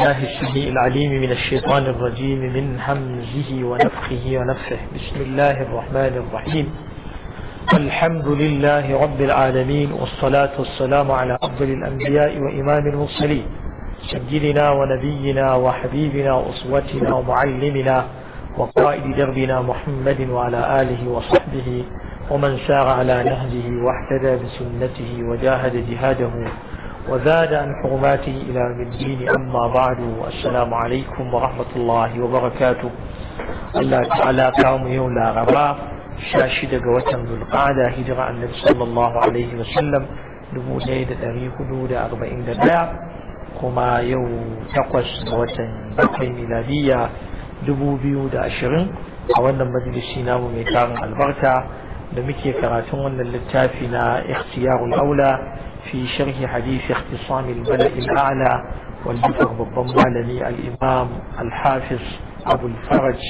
الله السميع العليم من الشيطان الرجيم من همزه ونفخه ونفخه بسم الله الرحمن الرحيم الحمد لله رب العالمين والصلاة والسلام على أفضل الأنبياء وإمام المرسلين سيدنا ونبينا وحبيبنا وأسوتنا ومعلمنا وقائد دربنا محمد وعلى آله وصحبه ومن سار على نهجه واحتدى بسنته وجاهد جهاده وزاد عن حرماته إلى يوم الدين أما بعد السلام عليكم ورحمة الله وبركاته الله تعالى قام يوم لا غبا شاشد قوتم ذو القعدة هجرة النبي صلى الله عليه وسلم دمو زيد أري حدود أربعين دباع كما يو تقوس قوتم بقي ميلادية دمو بيو دا أشرين أولا مجلس نام ميتان البركة da muke karatun wannan littafi na ikhtiyarul aula في شرح حديث اختصام الملأ الأعلى والبفر بالضمالني الإمام الحافظ أبو الفرج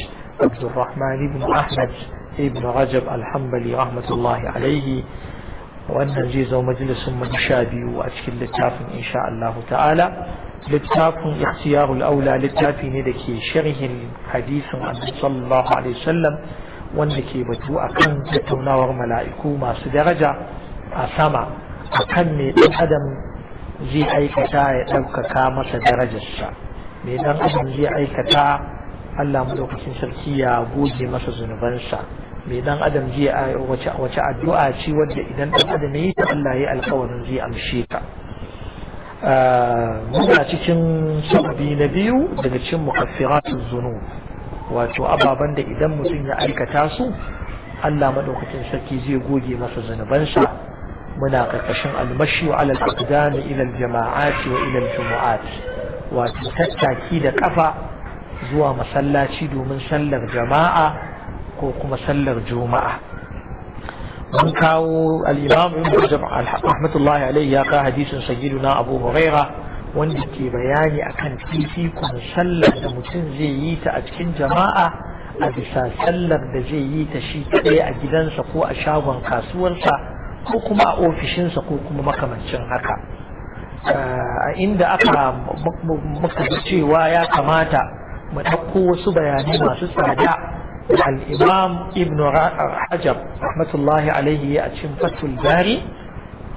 عبد الرحمن بن أحمد ابن رجب الحنبلي رحمة الله عليه وأن جيزة مجلس مشابي وأشكل للتاف إن شاء الله تعالى للتاف اختيار الأولى للتاف ندك شرح حديث عن صلى الله عليه وسلم وأنك بتوء أكن تتوناور ملائكو ما سدرجة أسامة a kan mai ɗan adam zai aikata ya ɗaukaka masa darajarsa me ɗan adam zai aikata Allah maɗaukacin sarki ya goge masa zunubansa mai ɗan adam zai wace addu'a ce wadda idan ɗan adam ya yi ta Allah ya alkawarin zai amshe ta muna cikin sababi na biyu daga cikin mukaffiratun zunub wato ababen da idan mutum ya aikata su Allah maɗaukacin sarki zai goge masa zunubansa muna ƙarƙashin almashi wa alal aqdami ila juma'a wa ila jumu'at wato tattaki da kafa zuwa masallaci domin sallar jama'a ko kuma sallar juma'a mun kawo al-imam ibn rajab rahmatullahi alayhi ya ka hadisin sayyiduna abu huraira wanda ke bayani akan fifikon sallar da mutum zai yi ta a cikin jama'a a bisa sallar da zai yi ta shi kaɗai a gidansa ko a shagon kasuwarsa ko kuma a ofishinsa ko kuma makamancin haka eh, a inda aka muka cewa ya kamata mu ɗauko wasu bayanai masu tsada الإمام ابن Ibnu رحمة الله عليه أتشم فتح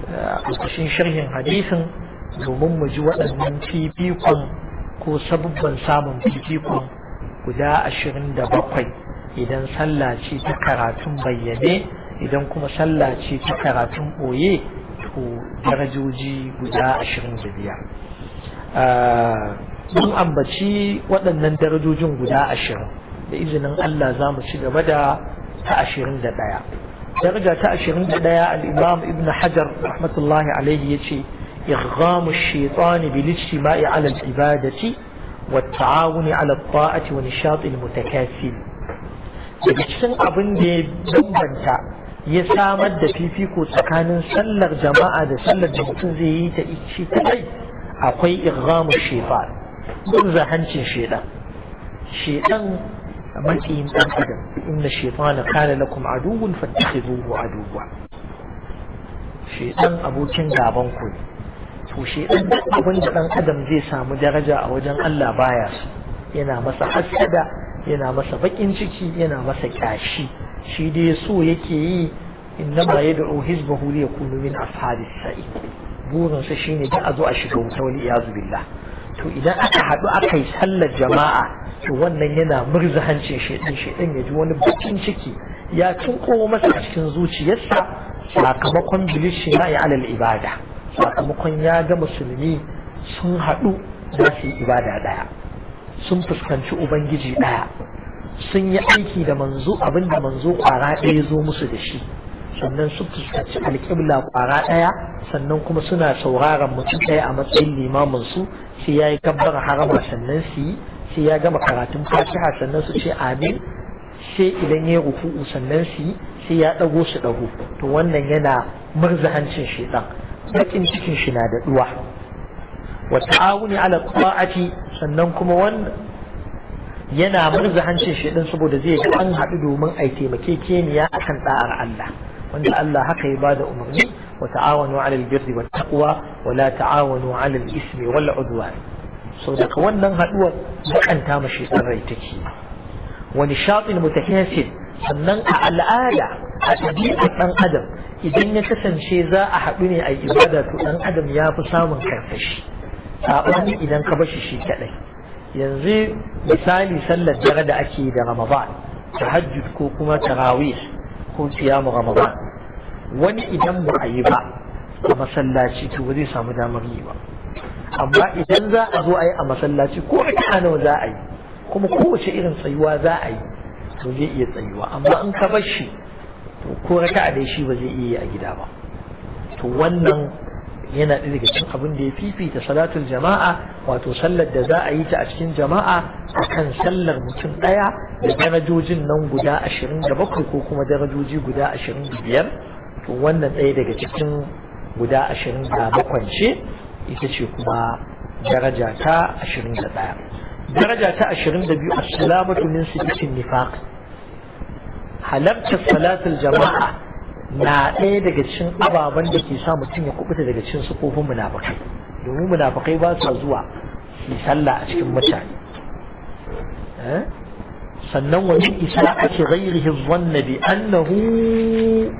A ofishin eh, sharhin hadisin domin mu ji waɗannan fifikon ko sabbin samun fifikon guda ashirin da bakwai idan sallah ce ta karatun bayyane idan kuma sallah ce ta karatun ɓoye to darajoji guda ashirin da biyar mun ambaci waɗannan darajojin guda ashirin da izinin Allah za mu ci gaba da ta ashirin da ɗaya daraja ta ashirin da ɗaya al'imam ibn hajar rahmatullahi alaihi ya ce إغغام الشيطان بالاجتماع على العبادة والتعاون على الطاعة ونشاط المتكاسل daga cikin abin da ya bambanta ya samar da fifiko tsakanin sallar jama'a da sallar da mutum zai yi ta ici kai akwai irgamu shefa gurza hancin shedan shedan matsayin dan adam inna shaytana kana lakum aduwwun fattakhidhuhu aduwwa shedan abokin gaban ku to shedan duk abin da dan adam zai samu daraja a wajen Allah baya yana masa hasada yana masa bakin ciki yana masa kyashi shi dai so yake yi innama yad'u hizbahu li yakunu min ashabis sa'i burin sa shine da a zo a shiga wuta wani iyazu billah to idan aka haɗu aka yi sallar jama'a to wannan yana murza hancin shaidan shaidan ya ji wani bakin ciki ya tunko masa cikin zuciyarsa sakamakon bilishi na ya alal ibada sakamakon ya ga musulmi sun haɗu za su yi ibada ɗaya sun fuskanci ubangiji ɗaya sun yi aiki da manzo abinda manzo kwara ɗaya ya zo musu da shi sannan su fuskanci alƙibla kwara ɗaya sannan kuma suna sauraron mutum ɗaya a matsayin limamin su sai ya yi gabbar harama sannan su yi sai ya gama karatun fatiha sannan su ce amin sai idan ya ruku'u sannan su yi sai ya ɗago su ɗago to wannan yana murza shi shaitan bakin cikin shi na da duwa wa ta'awuni ala ta'ati sannan kuma wannan yana murza hancin shi din saboda zai ga an haɗu domin a taimake keniya akan da'ar Allah wanda Allah haka ya bada umarni wa ta'awanu 'alal birri wat taqwa wa la ta'awanu 'alal ismi wal 'udwan so daga wannan haduwar bakanta wani tsarrai mu wa nishatin mutahasid sannan a al'ada a ɗabi'ar ɗan adam idan ya kasance za a haɗu ne a ibada to ɗan adam ya fi samun karfashi saɓani idan ka bashi shi kaɗai yanzu misali sallar dare da ake da ramadan tahajjud ko kuma tarawih ko siyamu ramadan wani idan ba a yi ba a masallaci to ba zai samu damar yi ba amma idan za a zo a yi a masallaci ko a nawa za a yi kuma kowace irin tsayuwa za a yi to zai iya tsayuwa amma in ka bar shi to ko raka'a dai shi ba zai iya yi a gida ba to wannan yana ɗaya daga cikin abin da ya fifita salatul jama'a wato sallar da za a yi ta a cikin jama'a kan sallar mutum ɗaya da darajojin nan guda ashirin da bakwai ko kuma darajoji guda ashirin da biyar to wannan ɗaya daga cikin guda ashirin da bakwai ce ita ce kuma daraja ta ashirin da ɗaya daraja ta ashirin da biyu a assalamatu min sifatin nifaq halartar salatul jama'a na ɗaya daga cikin ababen da ke sa mutum ya kubuta daga cikin sufofin munafukai domin munafakai ba su zuwa su sallah a cikin mutane eh? sannan wani isa ake hizwan na bi annahu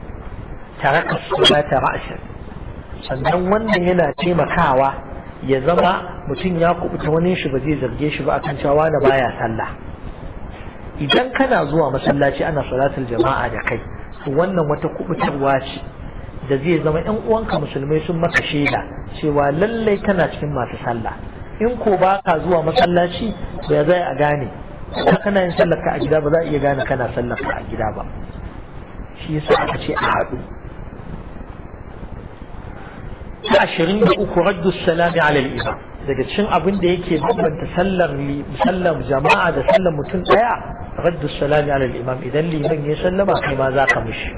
taraka salata ra'shan sannan wannan yana taimakawa ya zama mutum ya kubuta wani shi ba zai zarge shi ba akan cewa na baya sallah idan kana zuwa masallaci ana salatul jama'a da kai wannan wata kubutarwa ce da zai zama yan uwanka musulmai sun maka shaida cewa lallai tana cikin masu sallah in ko ba ka zuwa masallaci to ya zai a gane ko kana yin sallar a gida ba za a iya gane kana sallar ka a gida ba shi yasa aka ce a haɗu ta ashirin da uku raddu salami alal imam daga cin abin da yake bambanta sallar sallar jama'a da sallar mutum daya raddu salami ala imam idan liman ya sallama kai ma za ka mishi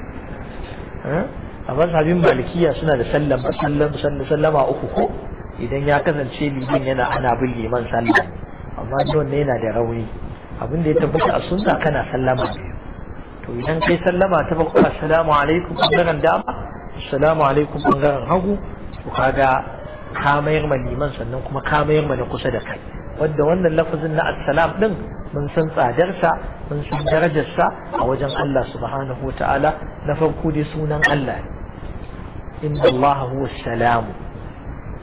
eh? a mazhabin malikiya suna da sallar sallar sallar sallama uku ko idan ya kasance liman yana ana bin liman sallar amma don ne yana da rauni abin da ya tabbata a sunna kana sallama to idan kai sallama ta bako assalamu alaikum bangaren dama assalamu alaikum bangaren hagu to kaga ka mayar ma liman sannan kuma ka mayar ma na kusa da kai wadda wannan lafazin na assalam din mun san tsadarsa mun san darajarsa a wajen Allah subhanahu wa ta'ala na farko dai sunan Allah inna Allah huwa salam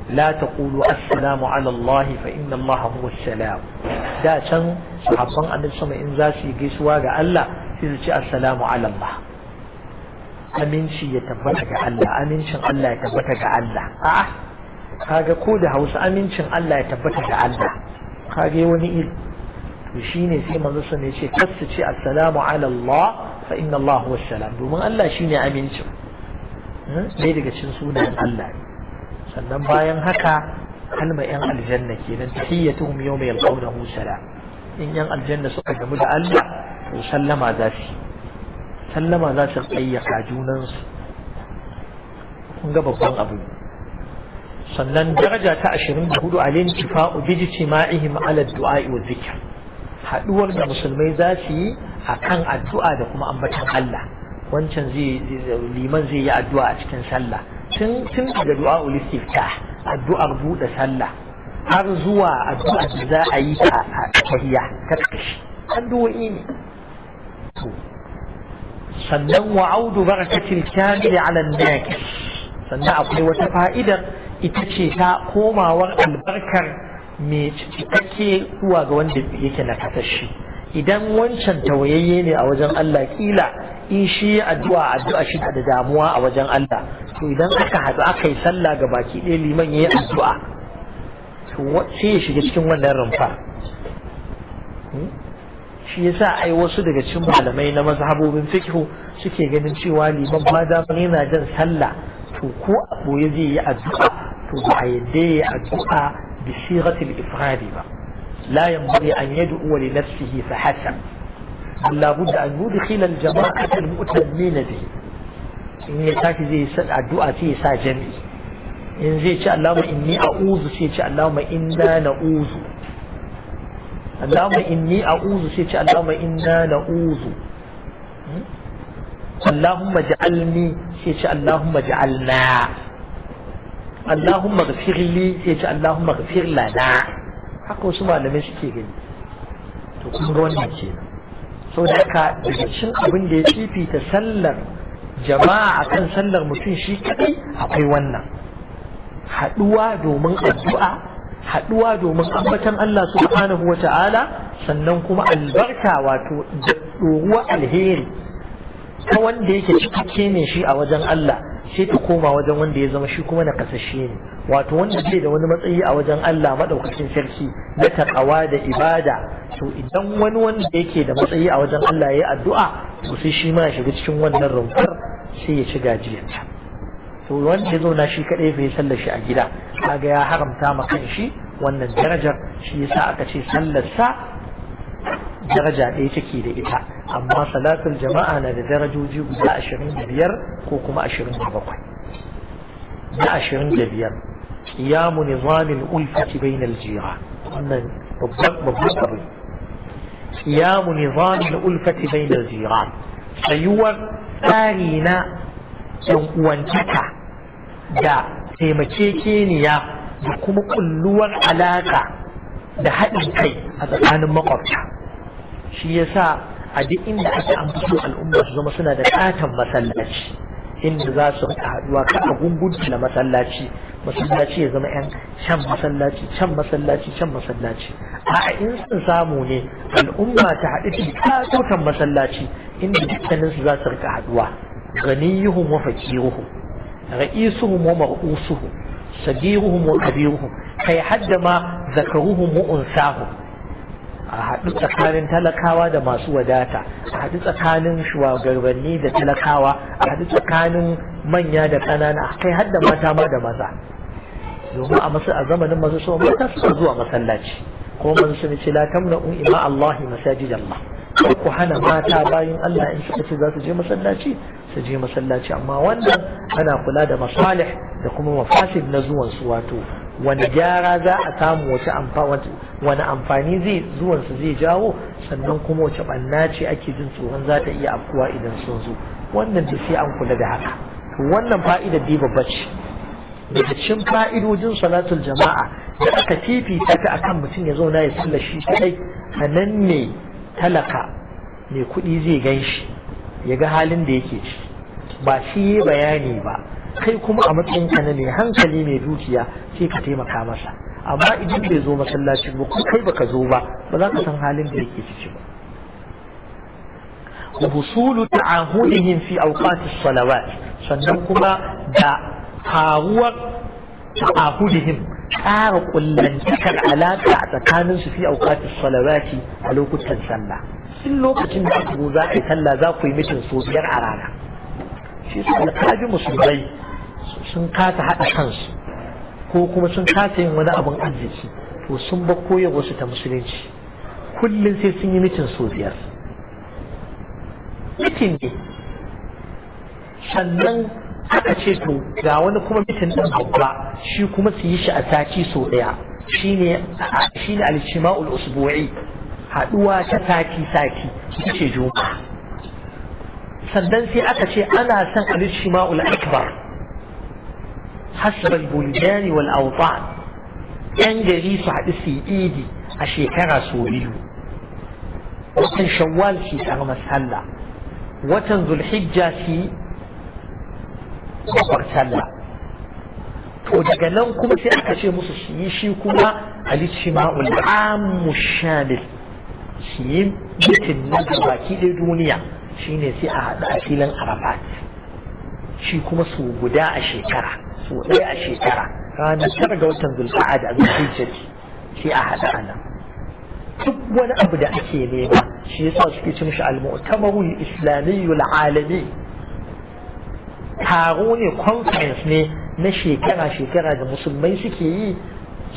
la taqulu assalamu ala Allah fa inna Allah huwa salam da can sahabban annabi sama in za su yi gaisuwa ga Allah sai su ce assalamu ala Allah aminci ya tabbata ga Allah amincin Allah ya tabbata ga Allah a'a kaga ko da hausa amincin Allah ya tabbata da Allah kaga wani iri to shine sai manzo sun ya ce kasu ce assalamu ala Allah fa inna Allah huwa salam domin Allah shine amincin hmm? ɗaya daga cikin sunayen Allah sannan bayan haka kalmar yan aljanna kenan tahiyyatuhum yawma yalqawnahu salam in yan aljanna suka gamu da Allah to sallama za su sallama za su ayyaka junansu kun ga babban abu sannan daraja ta 24 alin intifau bi ijtima'ihim ala du'a'i wa zikr haduwar da musulmai za su yi akan addu'a da kuma ambatan Allah wancan zai liman zai yi addu'a a cikin sallah tun tun daga du'a ul istiftah addu'ar bude sallah har zuwa addu'a da za a yi ta tahiyya ta kashi addu'o'i ne sannan wa'udu barakatil kamil ala nakis sannan akwai wata fa'idar ita ce ta komawar albarkar mai cikakke zuwa ga wanda yake na kasashe idan wancan tawayayye ne a wajen Allah kila in shi addu'a addu'a shi da damuwa a wajen Allah to idan aka haɗu aka yi sallah ga baki ɗaya liman yi addu'a to sai ya shiga cikin wannan rumfa hmm? shi yasa ai wasu daga cikin malamai na mazhabobin fiqh suke ganin cewa liman ma da yana jan sallah to ko a koyi zai yi addu'a to ba a yadda ya addu'a bi siratul ifradi ba la yanbaghi an yad'u li nafsihi fa hasab la budda an yudkhila al jama'ata al mu'tamina bihi in ya tashi zai sa addu'a sai ya sa jami'i in zai ci Allahumma inni a'udhu sai ya ci Allahumma inna na'udhu Allahumma inni a'udhu sai ya ci Allahumma inna na'udhu Allahumma ja'alni sai ce Allahumma ja'alna Allahumma ghafirli sai ce Allahumma ghafir lana haka wasu malamai suke gani to kuma ga wannan ke so da ka daga cikin abin da ya fifita sallar jama'a akan sallar mutum shi kadai akwai wannan haduwa domin addu'a haduwa domin ambatan Allah subhanahu wa ta'ala sannan kuma albarka wato ruwa alheri ta wanda yake cikakke ne shi a wajen Allah sai ta koma wajen wanda ya zama shi kuma na kasashe ne wato wanda zai da wani matsayi a wajen Allah madaukakin sarki na takawa da ibada to idan wani wanda yake da matsayi a wajen Allah yayi addu'a to sai shi ma shiga cikin wannan rumfar sai ya ci gajiya to wanda ya zauna shi kadai fa sallar shi a gida kaga ya haramta ma kan shi wannan darajar shi yasa aka ce sallar sa daraja ɗaya take da ita amma salatul jama'a na da darajoji guda ashirin da biyar ko kuma ashirin da bakwai na ashirin da biyar قيام نظام الألفة بين الجيران قيام نظام الألفة بين الجيران سيور ثانينا ينقوانتك دا تيمكيكينيا da kuma kulluwar alaka da haɗin kai a tsakanin makwabta shi yasa a duk inda ake an al'umma su zama suna da katon masallaci inda za su rika haduwa kada gungunci na masallaci masallaci ya zama yan can masallaci can masallaci can masallaci a in sun samu ne al'umma ta haɗu ta katon masallaci inda dukkanin su za su rika haɗuwa, ganiyuhum wa fakiruhum ra'isuhum wa mar'usuhum sagiruhum wa kabiruhum kai hadda ma zakaruhum wa unsahum a haɗu tsakanin talakawa da masu wadata a haɗu tsakanin shugabanni da talakawa a haɗu tsakanin manya da ƙanana a kai har da mata ma da maza domin a masu a zamanin masu so mata suka zuwa masallaci ko mun sun ce la tamna'u ima Allah masajid Allah ku hana mata bayan Allah in suka ce za su je masallaci su je masallaci amma wannan ana kula da masalih da kuma mafasid na zuwan su wato wani gyara za a samu wace wani amfani zai zuwansu zai jawo sannan kuma wace ɓanna ce ake jin tsoron za ta iya afkuwa idan sun zo wannan da sai an kula da haka wannan fa'idar bi babba ce daga cikin fa'idojin salatul jama'a da aka fifita ta akan mutum ya zauna ya sallar shi kadai a nan ne talaka mai kuɗi zai gan shi ya ga halin da yake ci ba shi yi bayani ba kai kuma a matsayin ka na mai hankali mai dukiya sai ka taimaka masa amma idan bai zo masallaci ba ko kai baka zo ba ba za ka san halin da yake ciki ba wa husulu ta'ahudihim fi awqat salawat sannan kuma da faruwar ta'ahudihim ƙara kullantakar alaƙa a tsakanin su fi awqat as a lokutan sallah in lokacin da ku za a yi sallah za ku yi mutum so biyar a rana shi ji alhaji musulmai sun kasa haɗa kansu ko kuma sun kasa yin wani abin arziki to sun ba koyarwarsu ta musulunci kullum sai sun yi mitin sau biyar mitin ne sannan aka ce to ga wani kuma mitin ɗin babba shi kuma su yi shi a sati sau ɗaya shi ne al usbu'i haduwa ta sati sati ce juma'a sannan sai aka ce ana son al akbar حسب البلدان والأوطان أن جري صعد في إيدي أشي كرسولي وطن شوال في أغمس هلا وطن ذو الحجة في أغمس هلا وجاء لهم كما في أكاشي مصر شيشي وكما الاجتماع العام الشامل شين مثل نظر باكي لدونيا شين يسي أعداء في لن عربات شيكما سوء بداء شيكرا su ɗaya a shekara ranar tara ga watan zulfa'a da zulhijja shi a haɗa a nan duk wani abu da ake nema shi yasa suke ci mishi al-mu'tamarul islamiyyul alami taro ne conference ne na shekara-shekara da musulmai suke yi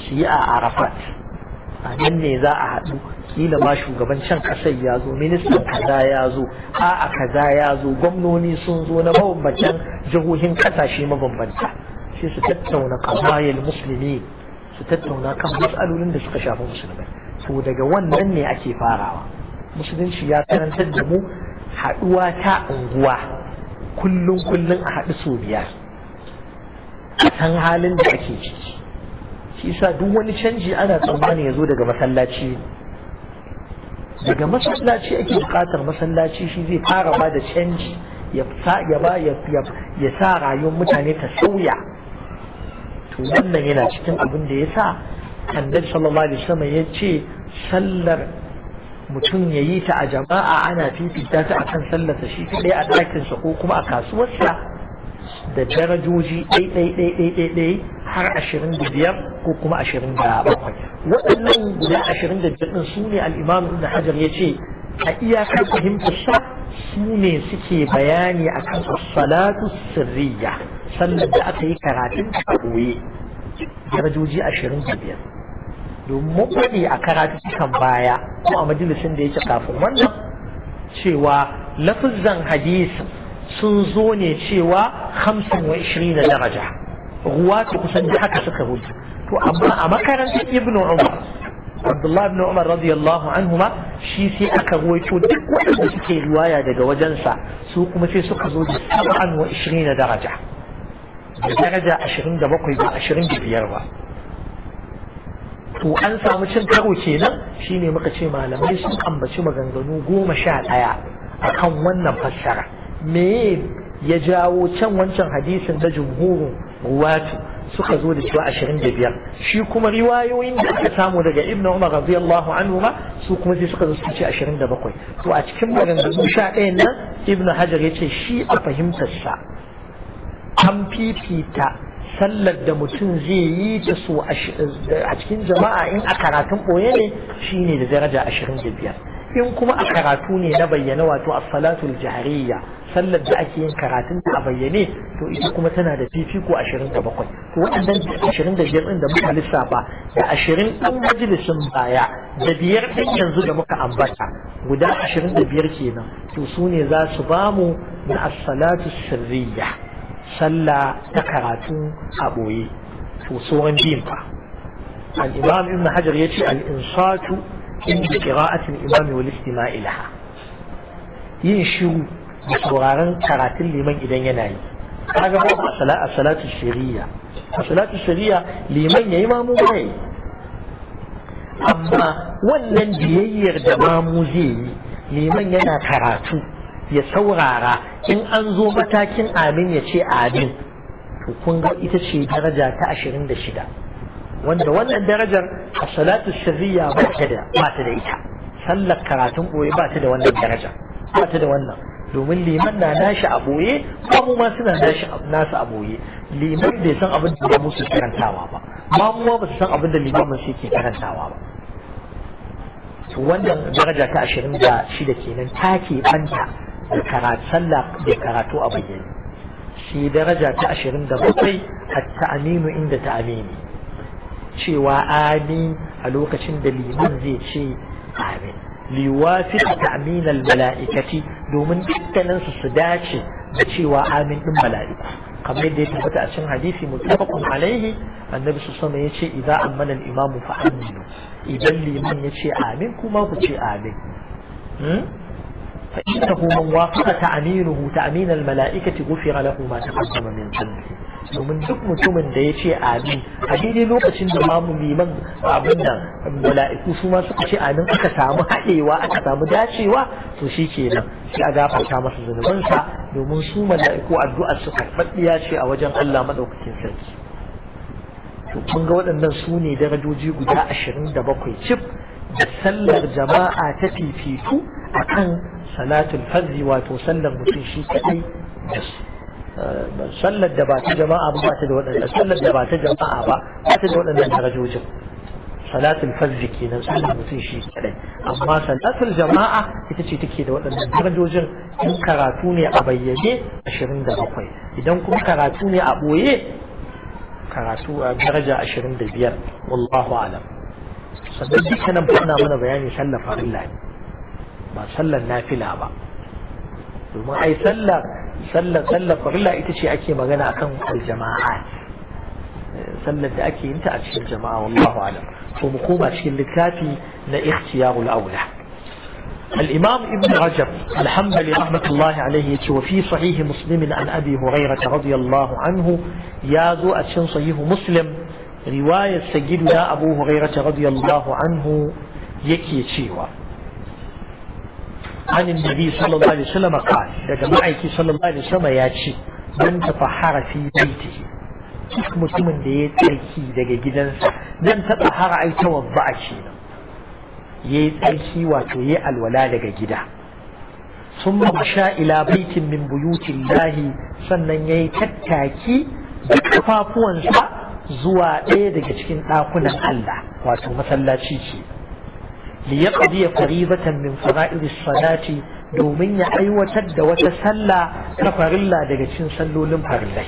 su a arafat a nan ne za a haɗu kila ma shugaban can ƙasar ya zo ministan kaza ya zo a a kaza ya zo gwamnoni sun zo na mabambantan jihohin ƙasashe mabambanta sai su tattauna qabayil musulmi su tattauna kan matsalolin da suka shafi musulmai to daga wannan ne ake farawa musulunci ya karantar da mu haɗuwa ta unguwa kullum kullum a haɗu sau biyar a san halin da ake ciki shi yasa duk wani canji ana tsammani ya zo daga masallaci daga masallaci ake buƙatar masallaci shi zai fara ba da canji ya sa rayuwar mutane ta sauya to wannan yana cikin abin da ya sa annabi sallallahu alaihi wasallam ya ce sallar mutum ya yi ta a jama'a ana fifita ta a kan sallarsa shi kaɗai a ɗakinsa ko kuma a kasuwarsa da darajoji ɗai ɗai ɗai ɗai ɗai ɗai har ashirin da biyar ko kuma ashirin da bakwai waɗannan guda ashirin da biyar ɗin su ne al'imamu ibn hajar ya ce a iyakar fahimtar sa su ne suke bayani akan salatu sirriya sannan da aka yi karatun a koye, darajoji ashirin da biyar domin mun faɗi a kan baya ko a majalisin da yake kafin wannan cewa lafizan hadisi sun zo ne cewa hamsin wa ishirin da daraja ruwa ta kusan da haka suka rubuta to amma a makarantar ibnu umar abdullahi ibn umar radiyallahu anhuma shi sai aka ruwaito duk waɗanda suke riwaya daga wajensa su kuma sai suka zo da sab'an wa ishirin daraja da daraja ashirin da bakwai ba ashirin da biyar ba to an samu cin karo kenan shine muka ce malamai sun ambaci maganganu goma sha ɗaya akan wannan fassara me ya jawo can wancan hadisin da jumhurin ruwatu suka zo da cewa ashirin da biyar shi kuma riwayoyin da aka samu daga ibn umar radiyallahu anhu ma su kuma sai suka zo su ce ashirin da bakwai to a cikin maganganu sha ɗayan nan ibn hajar ya ce shi a fahimtarsa an fifita sallar da mutum zai yi da su eh, a cikin jama'a in a karatun ɓoye ne shi ne da daraja ashirin da biyar in kuma a karatu ne na bayyana wato a salatul jahariya sallar da ake yin karatun da a bayyane to ita kuma tana da fifiko ashirin da bakwai to waɗannan ashirin da biyar ɗin da muka lissafa da ashirin ɗan majalisin baya da biyar ɗin yanzu da muka ambata guda ashirin da biyar kenan to su ne za su bamu na as-salatu sirriya sallah ta karatu a ɓoye to sauran biyun fa al-imam ibn hajar yace al-insatu inda kira'atun imam wal istima'i yin shiru da sauraron karatun liman idan yana yi kaga ba a salatu shari'a a salatu shari'a liman yayi ma bai amma wannan biyayyar da mamu zai yi liman yana karatu ya saurara in an zo matakin amin ya ce amin to kun ga ita ce daraja ta ashirin da shida wanda wannan darajar a salatu shirriya ba ta da da ita sallar karatun ɓoye ba ta da wannan daraja ba ta da wannan domin liman na nashi a ɓoye ko mu ma suna nashi nasu a ɓoye liman bai san abin da mu su karantawa ba ba mu ba su san abin da limamin su ke karantawa ba to wannan daraja ta ashirin da shida kenan ta ke banta كرات سلق بكراتو أبيين شي درجة تأشرين دبطي التأمين عند تأميني شي وآمين ألوك شند لمنزي شي آمين ليوافق تأمين الملائكة دومن كتنن سداشي بشي وآمين من ملائكة قبل دي تبتع شن حديث متفق عليه النبي صلى الله عليه وسلم إذا أمن الإمام فأمنه إذا لمن يشي آمين كما كشي آمين هم؟ فإنه من وافق تأمينه تأمين الملائكة غفر له ما تقدم من ذنبه domin duk mutumin da ya ce amin a daidai lokacin da mamu liman abin nan mala'iku su ma suka ce amin aka samu haɗewa aka samu dacewa to shi nan sai a gafarta masa zunubansa domin su mala'iku addu'ar su karɓaɗɗiya ce a wajen Allah maɗaukakin sarki to kun ga waɗannan su ne darajoji guda ashirin da bakwai cif da sallar jama'a ta fifitu a kan salatul farzi wato sallar mutum shi kaɗai da eh, sallar da ba ta jama'a ba ta da waɗannan sallar da ba ta jama'a ba ba ta da waɗannan darajojin salatul farzi kenan sallar mutum shi kaɗai amma salatul jama'a ita ce take da waɗannan darajojin in karatu ne a bayyane ashirin da bakwai idan kuma karatu ne a ɓoye karatu a daraja ashirin da biyar wallahu alam sannan dukkanin ana mana bayani sallar farilla ne ba sallar nafila ba domin ai sallar sallar sallar farilla ita ce ake magana akan aljama'a sallar da ake yin ta a cikin jama'a wallahu alam to mu koma cikin littafi na ikhtiyarul aula الإمام ابن رجب الحمد لله رحمة الله عليه وفي صحيح مسلم عن أبي هريرة رضي الله عنه يازو أتشن صحيح مسلم riwayar sagiduna abu hurairata radiyallahu anhu yake cewa عن النبي صلى الله عليه وسلم قال يا جماعة صلى الله عليه وسلم ياتي من تطهر في بيته duk mutumin da ya tsarki daga gidansa don ta hara ai tawadda a ce ya yi tsarki wato ya alwala daga gida sun ma sha ila baitin min buyutin lahi sannan ya yi tattaki da kafafuwansa zuwa ɗaya daga cikin ɗakunan Allah wato masallaci ce li yaqdi faribatan min fara'id as-salati domin ya aiwatar da wata sallah ta farilla daga cikin sallolin farillai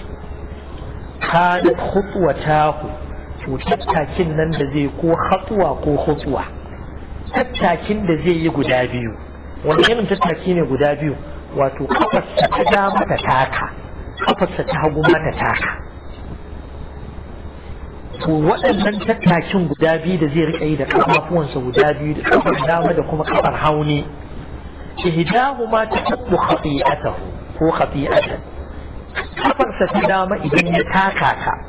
ta ku, to tattakin nan da zai ko khutwa ko khutwa tattakin da zai yi guda biyu wani irin tattaki ne guda biyu wato kafarsa ta dama ta taka kafarsa ta hagu ma ta taka to waɗannan tattakin guda biyu da zai riƙa yi da ƙafafuwansa guda biyu da ƙafar dama da kuma ƙafar hauni ihdahuma tasabbu khati'atahu ko khati'atan ƙafarsa ta dama idan ya taka ka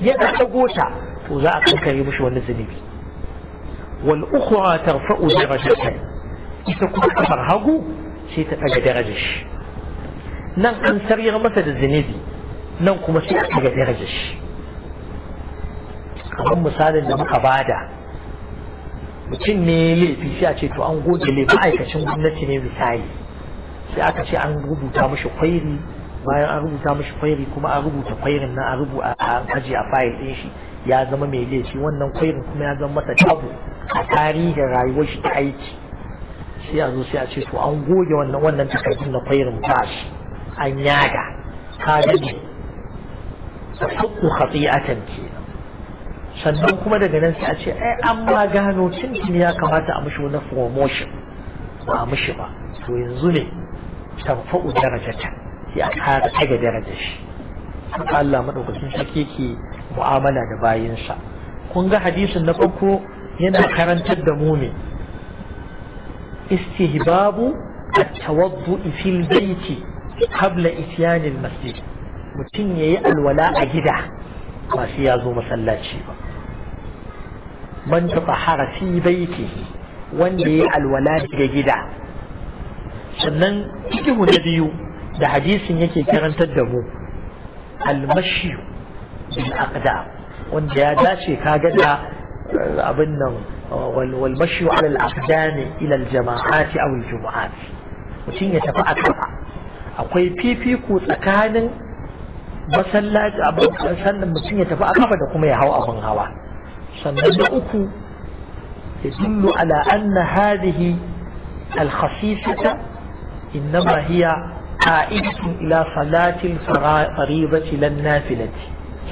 ya ɗago ta to za a yi mishi wani zunubi wal ukhra tarfa'u darajatan ita kuma ƙafar hagu sai ta ɗaga darajar shi nan an sarriyar masa da zunubi nan kuma sai ta ɗaga darajar shi kamar misalin da muka bada mutum ne laifi sai a ce to an goge laifi ma'aikacin gwamnati ne misali sai aka ce an rubuta mashi kwairi bayan an rubuta mashi kwairi kuma an rubuta kwairin na an rubuta a aji a fayil ɗin shi ya zama mai laifi wannan kwairin kuma ya zama masa tabu a tarihin rayuwar shi ta aiki sai a zo sai a ce to an goge wannan wannan takardun na kwairin ba shi an yada. ka gani ta fukku a ke sannan kuma daga nan sai a ce ai an ma gano cincin ya kamata a mishi wani promotion ba a mishi ba to yanzu ne tamfa'u darajata sai a kara taga darajar shi Allah madaukakin sarki ke mu'amala da bayinsa kun ga hadisin na farko yana karantar da mu ne istihbabu at-tawaddu'i fil bayti qabla isyan al-masjid mutum yayi alwala a gida ba sai ya zo masallaci ba man tatahara fi baitihi wanda ya alwala daga gida sannan fiqhu na biyu da hadisin yake karantar da mu almashi bil aqdam wanda ya dace ka ga da eh, abin nan wal mashi ala al aqdam ila al jama'at aw al jumu'at mutum ya tafi a kafa akwai fifiko tsakanin masallaci abin sannan mutum ya tafi a kafa da kuma ya hau abin hawa سنبدا يدل على ان هذه الخفيفه انما هي عائده الى صلاه الفريضه لا النافله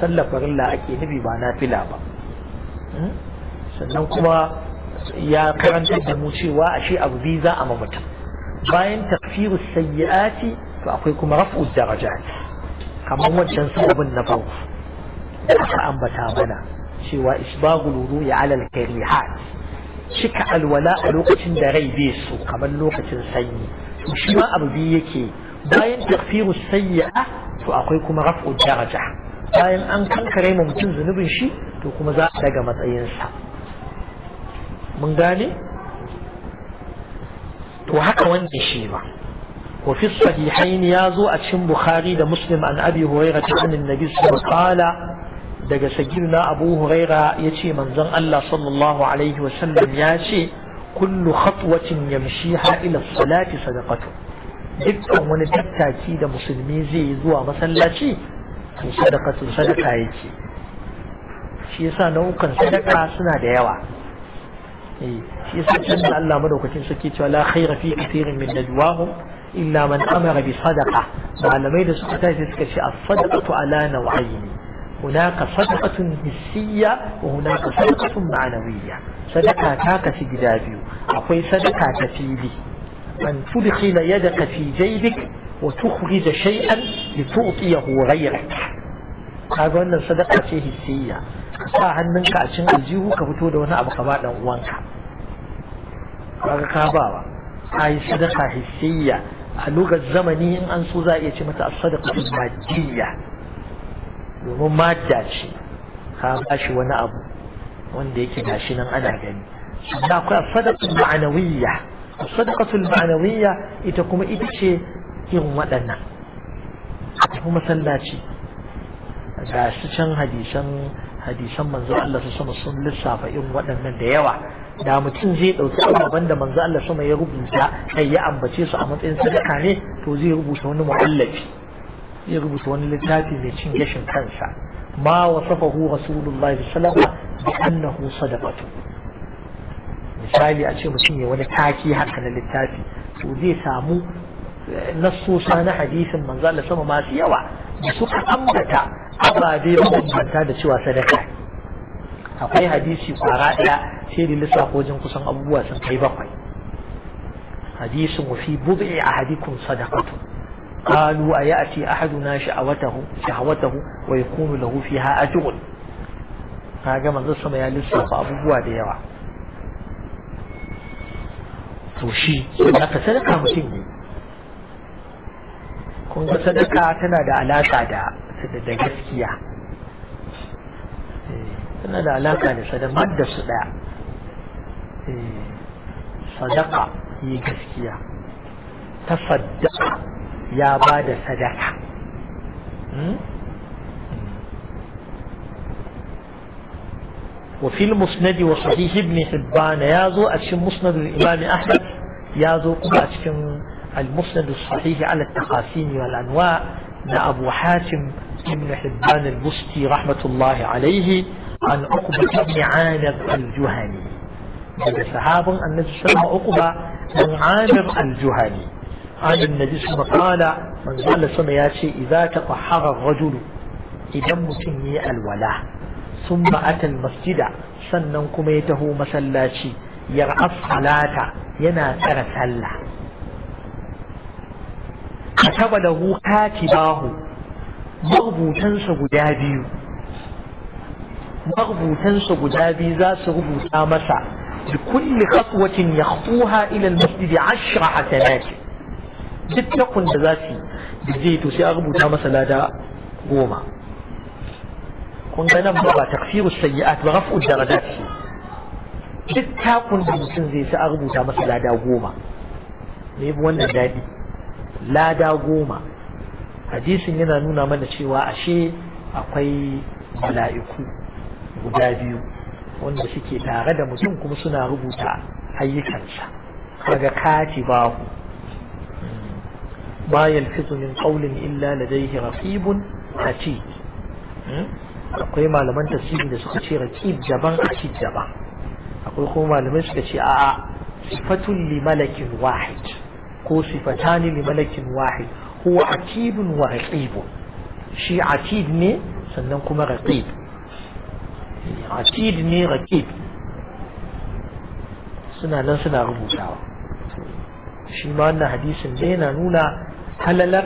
صلى فرلا اكي نبي با نافله با سنكما يا كرنت دموشي واشي ابو فيزا اما متى باين تكفير السيئات فاقول لكم رفع الدرجات كما هو جنس ابن نفوس أنبتها منا cewa isbaghul wudu'i ala al-karihat cika alwala a lokacin da rai bai so kamar lokacin sanyi to shi ma abu biyu yake bayan takfiru sayyi'a to akwai kuma raf'u daraja bayan an kankare ma mutum zunubin shi to kuma za a daga matsayinsa mun gane to haka wanda shi ba وفي الصحيحين يازو أتشم بخاري دا مسلم عن أبي هريرة عن النبي صلى الله عليه وسلم قال daga sagirna abu huraira ya ce manzon Allah sallallahu alaihi wasallam ya ce kullu khatwatin yamshiha ila salati sadaqatu dukkan wani tattaki da musulmi zai yi zuwa masallaci to sadaqatu sadaqa yake shi yasa nau'ukan sadaka suna da yawa eh, shi yasa can da Allah madaukakin sarki cewa la khaira fi kathirin min najwahum illa man amara bi sadaqa malamai da suka tafi suka ce as-sadaqatu ala naw'ayn هناك صدقة حسية وهناك صدقة معنوية صدقة تاكسي جدابيو أقول صدقة تفيدي أن تدخل يدك في جيبك وتخرج شيئا لتعطيه غيرك kaga wannan sadaka ce hisiyya, ka sa ka a cin aljihu ka fito da wani abu ka ba dan uwanka kaga ka bawa ka yi sadaka hisiyya a lugar zamani in an so za a iya ce mata as-sadaqatu madiyya domin madda ce ka ba shi wani abu wanda yake gashi nan ana gani sannan akwai sadaqatul ma'nawiyya sadaqatul ma'nawiyya ita kuma ita ce irin waɗannan kuma masallaci ga su can hadisan hadisan manzo Allah su sama sun lissafa irin waɗannan da yawa da mutum zai ɗauki ababen da manzo Allah sama ya rubuta kai ya ambace su a matsayin sadaka ne to zai rubuta wani mu'allafi ya rubuta wani littafi mai cin gashin kansa ma wasafahu rasulullahi sallallahu alaihi wasallam bi annahu sadaqatu misali a ce mutum ya wani taki haka na littafi to zai samu eh, nassosa na hadisin manzo Allah sama masu yawa da suka ambata ababe mabambanta da cewa sadaka akwai hadisi kwara ɗaya sai da lissafa wajen kusan abubuwa sun kai bakwai hadisin wa fi bub'i ahadikum sadaqatu قالوا أيأتي أحدنا شهوته شهوته ويكون له فيها أجر هذا من ذا سما يلسف أبوه ديوا توشي هذا صدقة متين kun ga sadaka tana da alaƙa da da gaskiya tana da alaƙa da sadamar da su ɗaya sadaka yi gaskiya ta sadaka ya ba da sadaka وفي المسند وصحيح ابن حبان يازو أتشم مسند الإمام أحمد يازو قم أتشم المسند الصحيح على التقاسيم والأنواع نا أبو حاتم ابن حبان البستي رحمة الله عليه عن عقبة بن عامر الجهني هذا صحاب النبي صلى الله عليه وسلم عقبة بن عامر الجهني عن النبي صلى الله عليه وسلم قال من قال لسما ياتي إذا تطحر الرجل إذا متني الولاء ثم أتى المسجد سنن كميته مسلاتي يرعى الصلاة ينا ترى سلة كتب له كاتباه مغبو مغبوطا مغبو مغبوطا سجدابي ذا سغبو مسا بكل خطوة يخطوها إلى المسجد عشر حسنات duk takun da za su yi da zai to sai a rubuta masa lada goma kun ga nan ba takfiru sayyi'at ba raf'u darajat ce duk takun da mutum zai sa a rubuta masa lada goma me wannan dadi lada goma hadisin yana nuna mana cewa ashe akwai mala'iku guda biyu wanda suke tare da mutum kuma suna rubuta ayyukansa kaga kati bahu ما يلفظ من قول إلا لديه رقيب عتيد akwai malaman tafsiri da suka ce rakib jaban akid jaban akwai kuma malamai suka ce a'a sifatun li malakin wahid ko sifatani li malakin wahid huwa atibun wa rakibu. shi atid ne sannan kuma raqib atid ne rakib. suna nan suna rubutawa shi ma wannan hadisin dai na nuna هل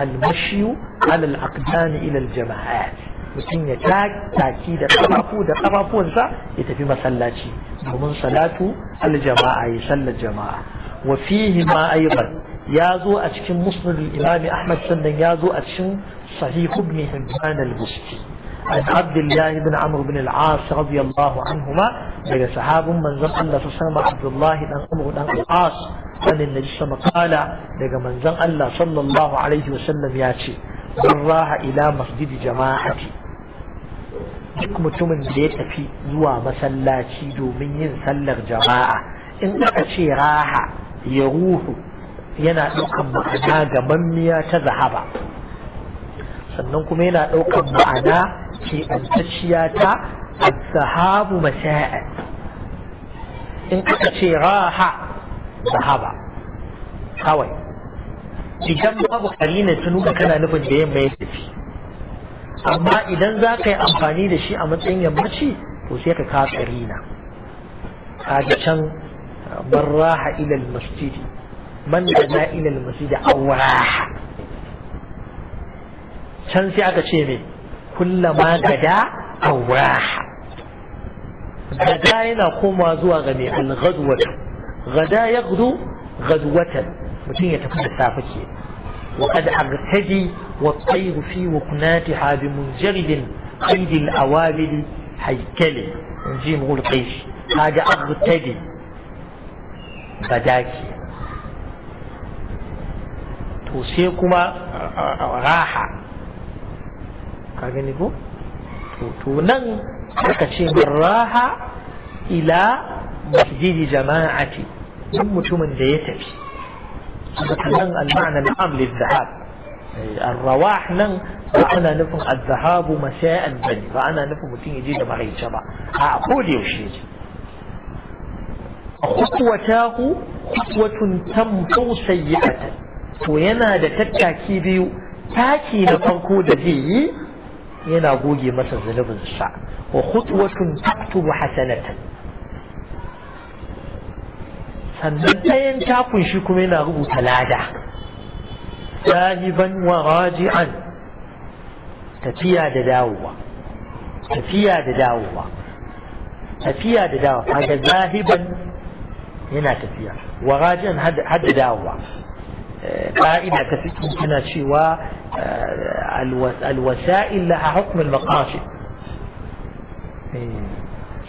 المشي على الأقدام إلى الجماعات مسلم يتاك تأكيد طرفو ده طرفو ذا يتفي مسلاتي ومن صلاة الجماعة يسل الجماعة وفيهما أيضا يازو أتشن مسند الإمام أحمد سنة يازو أتشن صحيح ابن حبان البستي عن عبد الله بن عمرو بن العاص رضي الله عنهما من صحاب من زمان الله عبد الله بن عمرو بن العاص عن النبي صلى الله عليه وسلم قال من زن الله صلى الله عليه وسلم ياتي من راح إلى مسجد جماعتي duk mutumin da ya tafi zuwa masallaci domin yin sallar jama'a in aka ce raha ya ruhu yana ɗaukan ma'ana ga mammiya ta zahaba sannan kuma yana ɗaukan ma'ana ke antacciya ta zahabu masaa in aka ce raha sahaba kawai idan babu karina ta nuna kana nufin da yamma ya tafi amma idan za ka yi amfani da shi a matsayin yammaci to sai ka ka karina ka ga can barraha ilal masjidi man dana ilal masjidi awraha can sai aka ce me kullama gada awraha gada yana komawa zuwa ga mai alghadwatu غدا يغدو غدوة mutum يتكون tafi وقد أغتدي والطير في وقناتها بمنجرد قيد الأوابل هيكل نجيم غول قيش قد أغتدي بداكي توسيكما راحة كاغنيكو تونن تكشي بالراحة إلى مسجد جماعتي duk mutumin da ya tafi daga nan al-ma'na al-aml al-dhahab الرواح نن فأنا نفهم الذهاب مساء بني فأنا نفهم متين يجي ما غير شبع أقول يوشيج خطوتاه خطوة تمحو سيئة وينا دا تتاكي بيو تاكي نفرقو دا دي ينا بوجي مسا ذنب الشعب وخطوة تكتب حسنة sannan ɗayan ta kunshi kuma yana rubuta lada ɗaliban wa raji'an tafiya da dawowa tafiya da dawowa tafiya da dawowa kaga zahiban yana tafiya wa raji'an hadda dawowa قاعدة تفكين كنا شوا الوسائل لها حكم المقاصد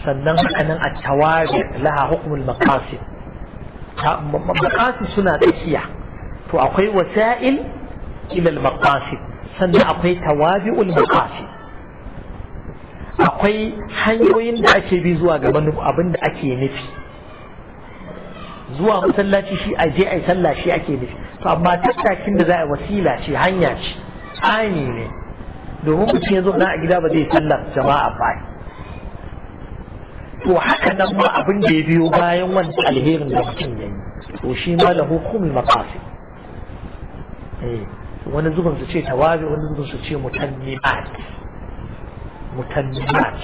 sannan hakanan a tawari laha hukumul maqasid maƙasi suna tsakiya to akwai wasa'il ilal al sannan akwai tawabi'ul maqasid akwai hanyoyin da ake bi zuwa ga abin da ake nufi zuwa masallaci shi a je a sallah shi ake nufi to amma tattakin da za a wasila ce hanya ce tsani ne domin mutum ya zo na a gida ba zai sallar jama'a ba to haka nan ma abin da ya biyo bayan wani alherin da mutum ya yi to shi ma lahu kumi makafi wani zubin su ce tawabi wani zubin su ce mutannimat mutannimat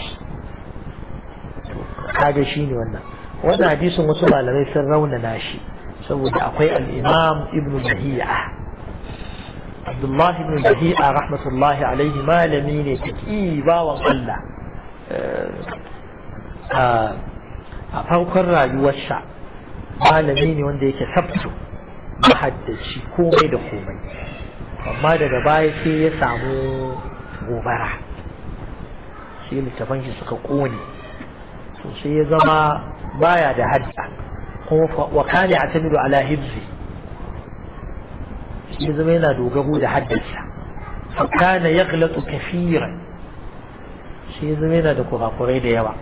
to kaga shi ne wannan wannan hadisin wasu malamai sun raunana shi saboda akwai al-imam ibn bahi'a abdullahi ibn bahi'a rahmatullahi alaihi malami ne taki bawan Allah a farkon rayuwarsa malami ne wanda yake sabtu mahaddaci komai da komai amma daga baya sai ya samu gobara sai littafan shi suka kone to sai ya zama baya da hadda kuma wakali a tamiru ala hibzi ya zama yana dogaro da haddasa kana ya galatu kafiran sai ya zama yana da kurakurai da yawa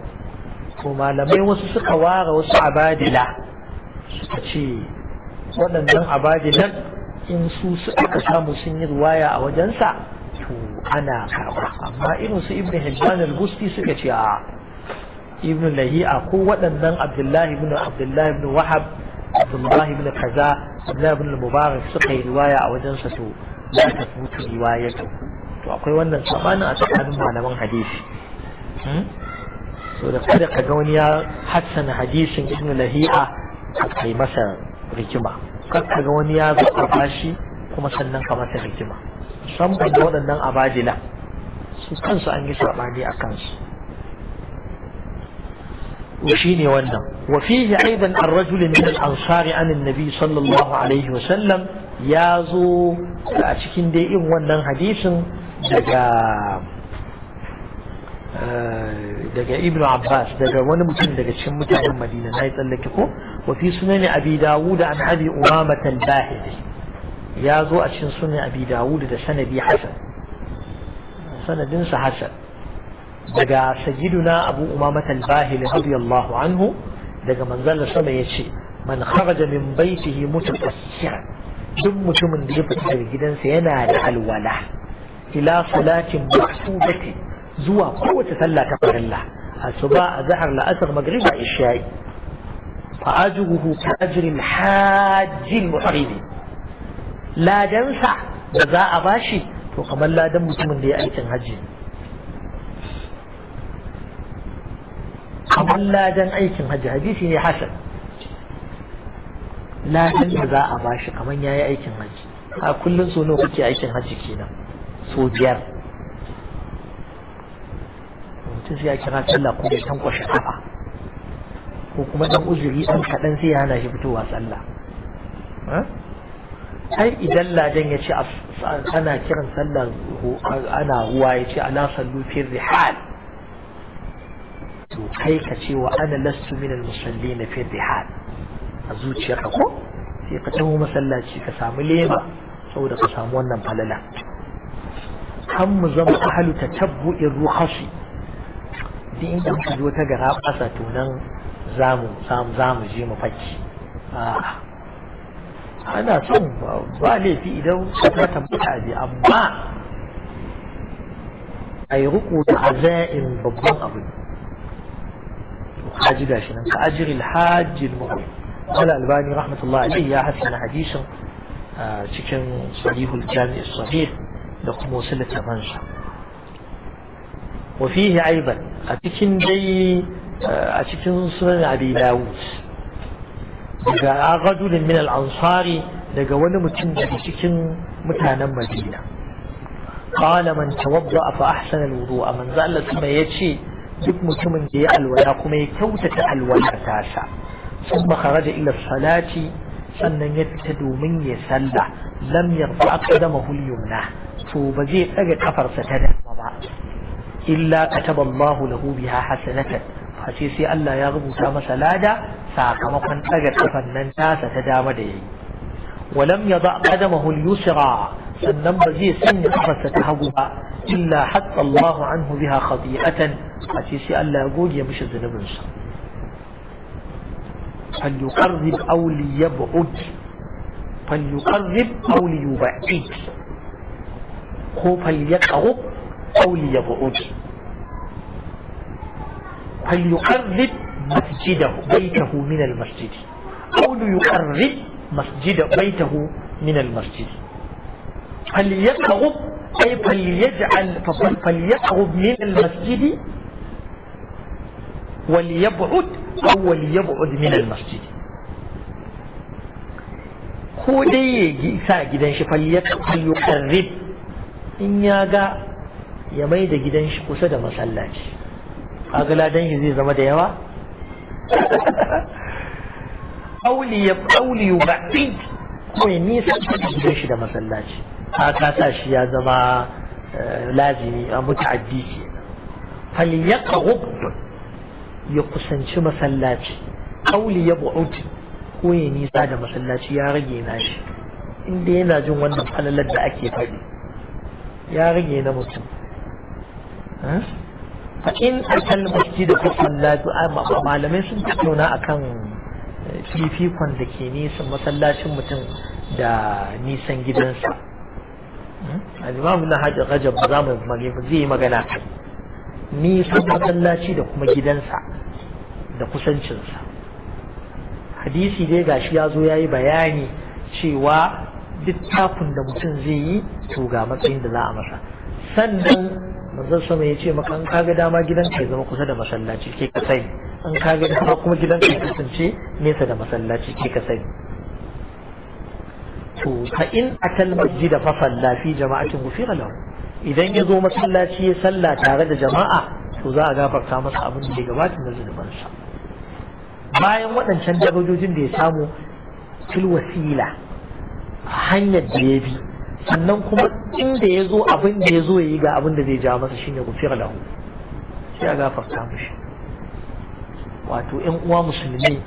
to malamai wasu suka ware wasu abadila suka ce waɗannan abadilan in su suka samu sun yi ruwaya a wajensa to ana karɓa amma irin su ibn hajjan al-gusti suka ce a ibn lahi'a ko waɗannan abdullahi ibn abdullahi ibn wahab abdullahi ibn kaza abdullahi ibn mubarak suka yi ruwaya a wajensa to za ta mutu riwayar to akwai wannan tsamanin a tsakanin malaman hadisi hmm? to da kada ka ga wani ya hassana hadisin ibn lahi'a kai masa rikima kar ka ga wani ya zaba shi kuma sannan ka masa rikima san da waɗannan abadila su kansu an yi sabani a kansu وشيني وانا وفيه ايضا الرجل من الانصار عن النبي صلى الله عليه وسلم يازو اشكين دي ان حديث دجا daga ibn abbas daga wani mutum daga cikin mutanen madina na yi tsallake ko wafi sunan abi da an abi umamatan bahidi ya zo a cikin sunan abi da sanadi hasan sanadinsa hasan daga sayyiduna abu umamatan bahili radiyallahu anhu daga manzalar sama ya ce man kharaja min baitihi mutaqassiran duk mutumin da ya fita daga gidansa yana da alwala ila salatin maktubati zuwa kowace sallah ta farilla asuba azhar la'asar magriba isha'i fa ajruhu ka ajrin hajjin muhrimi ladansa da za a bashi to kamar ladan mutumin da ya aikin hajji kamar ladan aikin hajji hadisi ne hasan ladan da za a bashi kamar ya yi aikin hajji a kullum so nawa kuke aikin hajji kenan so biyar mutum sai ya kira sallah ko ya tankwashe kafa ko kuma dan uzuri dan kaɗan sai ya hana shi fitowa sallah ai idan ladan ya ce ana kiran sallah ana ruwa ya ce ala sallu fi rihal to kai ka ce wa ana lastu minal musallin fi rihal a zuciyarka ko sai ka taho masallaci ka samu lema saboda ka samu wannan falala kan mu zama ahalu tatabbu'in ruhasi sai inda muka zo ta gara ƙasa to nan zamu zamu je mu ana son ba laifi idan ka tambaya bi amma a yi ruku da azain babban abu ka ji gashi nan ka ajiril hajjil mu. wal albani rahmatullahi alayhi ya hasana hadisin ah, cikin sahihul jami'i sahih da kuma wasu littafansa وفيه أيضا أتكن دي آه، أتكن سنن أبي داوود جاء رجل من الأنصار دقا ولمتن أتكن متانا مدينة قال من توضأ فأحسن الوضوء من زال ثم يتشي دك متن دي ألوانا كما يكوت تألوانا تاسا ثم خرج إلى الصلاة أن يتدو من يسلى لم يرفع قدمه اليمنى توبزيت أجد أفر ستدعم بعض إلا كتب الله له بها حسنة حسيسي ألا يغبو كما سلادا ساقمقا أجد فنن تاسة دامده ولم يضع قدمه اليسرى سنن بزي سن قفص تهبها إلا حتى الله عنه بها خطيئة حسيسي ألا يقول يمش الذنب فليقرب أو ليبعد فليقرب أو ليبعد هو فليقرب أو ليبعد فليقرب مسجده بيته من المسجد أو ليقرب مسجد بيته من المسجد فليقرب أي فليجعل فليقرب من المسجد وليبعد أو وليبعد من المسجد ko dai ya sa gidan shi in ya ga ya mai da gidan shi kusa da masallaci kaga ladan shi zai zama da yawa auli ya auli yubaid ko ya nisa da gidan shi da masallaci a ka sa shi ya zama eh, lazimi a muta'addi ke fal yaqrub ya kusanci masallaci auli ya bu'ud ko ya nisa da masallaci ya rage na shi inda yana jin wannan falalar da ake faɗi ya rage na mutum fa in akan masjid fa sallatu malamai sun tattauna akan eh, fifikon da ke nisan masallacin mutum da nisan gidansa hmm? al na rajab ba za mu yi magana kai nisan masallaci da kuma gidansa da kusancinsa hadisi dai gashi ya zo ya yi bayani cewa littafin da mutum zai yi to ga matsayin da za a masa sannan manzon sama ya ce maka an kaga dama gidan ka zama kusa da masallaci ke ka sani an kaga dama kuma gidan ka kasance nesa da masallaci ke ka sani to fa in atal masjida fa salla fi jama'atin ghufira lahu idan ya zo masallaci ya salla tare da jama'a to za a gafarta masa abin da ya gabata na zunubansa bayan waɗancan darajojin da ya samu fil wasila hanyar da ya bi sannan kuma inda ya zo abin da ya zo ya yi ga abin da zai ja masa shine da lahu sai a gafarta mishi wato yan uwa musulmi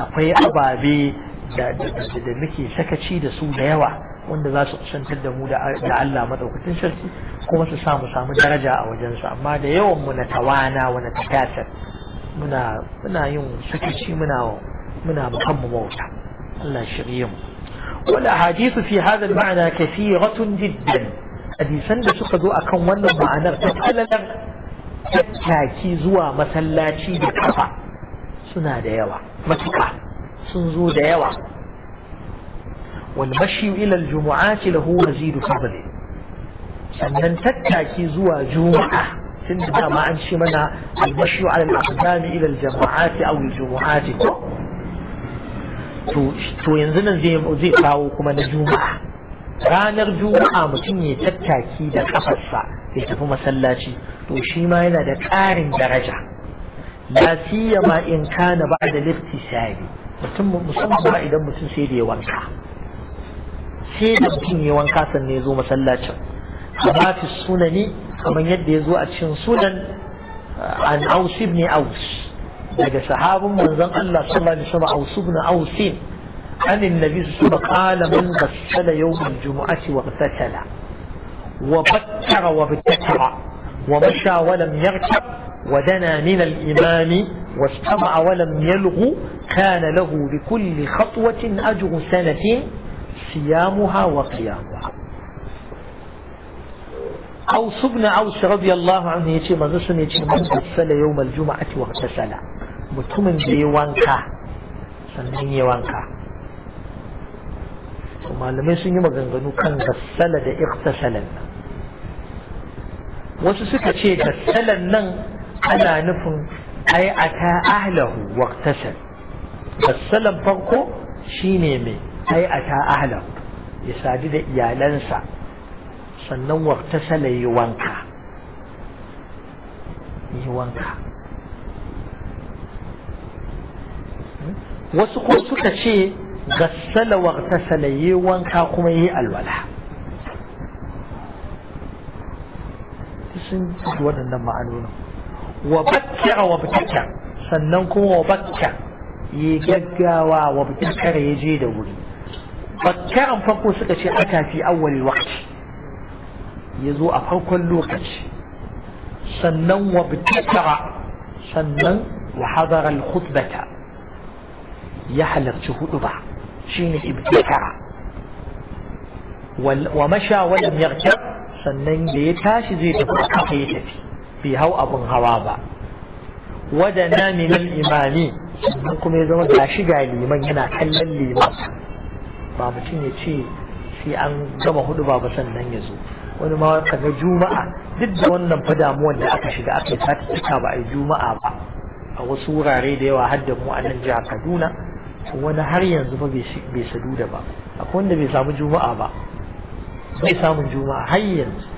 akwai ababe da muke sakaci da su da yawa wanda za su kusantar da mu da Allah maɗaukacin sarki kuma su samu samu daraja a wajensu amma da yawan mu na tawana wa na takasar muna yin sakaci muna muna mu bauta Allah shirye mu والأحاديث في هذا المعنى كثيرة جدا hadisan da suka zo akan wannan ma'anar ta falalar tattaki zuwa masallaci da kafa suna da yawa matuƙa sun zo da yawa والمشي إلى الجمعات له مزيد فضل sannan tattaki zuwa juma'a tun da dama an ce mana almashu ala al-aqdami ila al-jama'ati aw al-jumu'ati ko to yanzu nan zai kawo kuma na juma'a ranar juma'a mutum ya tattaki da kafarsa ya tafi masallaci to shi ma yana da ƙarin daraja la siyama in kana ba'da liftisari mutum musamman ba idan mutum sai da ya wanka sai da mutum ya wanka sannan ya zo masallacin kama fi sunani kamar yadda ya zo a cikin sunan an aus ibn aus daga sahabin manzon Allah sallallahu alaihi wasallam Aus ibn Aus عن النبي صلى الله عليه وسلم قال من غسل يوم الجمعة واغتسل وبكر وابتكر ومشى ولم يركب ودنا من الإمام واستمع ولم يلغ كان له لكل خطوة أجر سنة صيامها وقيامها أوس بن أوس رضي الله عنه يتي من غسل يتي من غسل يوم الجمعة واغتسل mutumin da ya wanka sannan ya wanka to malamai sun yi maganganu kan gassala da iktasalan nan wasu suka ce gassalan nan ana nufin ai ata ahlahu waqtasal gassalan farko shine mai ai ta ahlahu ya sadu da iyalansa sannan waqtasala ya wanka yi wanka wasu ko suka ce gassala wartasala yi wanka kuma yi alwala sun fi waɗannan ma'anonin wa bakkara wa bakkar sannan kuma wa bakkar yi gaggawa wa bakkar ya je da wuri bakkaran farko suka ce aka fi awwal waqti ya zo a farkon lokaci sannan wa bakkara sannan wa hadara al-khutbata ya halarci hudu ba shine kara wa masha wa lam sannan da ya tashi zai tafi a kafa ya tafi bai hau abin hawa ba wajen na minal imami sannan kuma ya zama ga shiga liman yana kallon liman ba mutum ya ce sai an gama hudu ba sannan ya zo wani ma kaga juma'a duk da wannan fa da aka shiga aka yi sati ba a yi juma'a ba a wasu wurare da yawa har da mu a nan jihar kaduna wani har yanzu ba bai sadu da ba akwai wanda bai samu juma'a ba bai samun juma'a har yanzu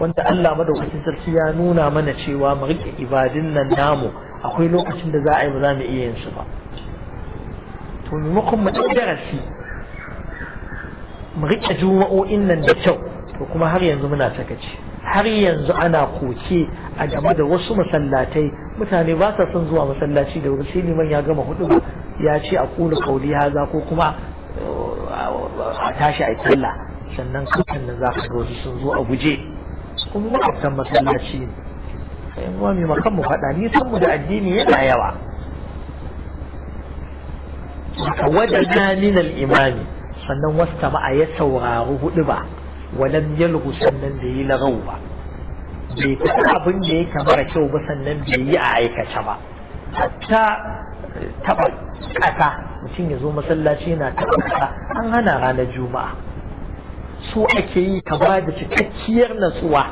wanda Allah madaukakin sarki ya nuna mana cewa mu rike ibadin nan namu akwai lokacin da za a yi ba za mu iya yin su ba to kun mu ɗan darasi mu rike juma'o'in nan da kyau to kuma har yanzu muna sakaci har yanzu ana koke a game da wasu masallatai mutane ba sa son zuwa masallaci da wuri sai liman ya gama hudu ya ce a kula kauli haza ko kuma a tashi a kalla sannan kafin nan za ka ga wasu sun zo a guje kuma makwabtan masallaci ne sai mu mai makan mu faɗa ni san mu da addini yana yawa ka wadana min al-imami sannan wasu ma'a ya saurari hudu ba walam yalhu sannan bai yi lagau ba bai faɗi abin da yake mara kyau ba sannan bai yi a aikace ba hatta Taɓa ƙasa mutum ya zo masallaci yana taɓa ƙasa an hana ranar juma'a su ake yi ka ba da cikakkiyar natsuwa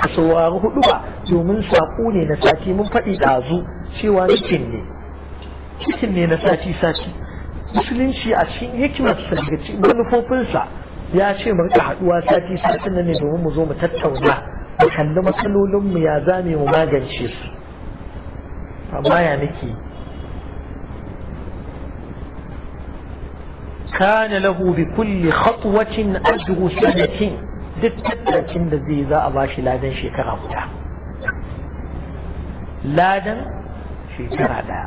ka saurari hudu ba domin saƙo ne na sati mun faɗi ɗazu cewa rikin ne Rikin ne na sati sati musulunci a cikin hikimarsa daga cikin manufofinsa ya ce mu rika haɗuwa sati sati nan ne domin mu zo mu tattauna mu kalli matsalolinmu ya zame mu magance su amma ya nake kana lahu bi kulli khatwatin ajru sanatin duk tattakin da zai za a bashi ladan shekara guda ladan shekara daya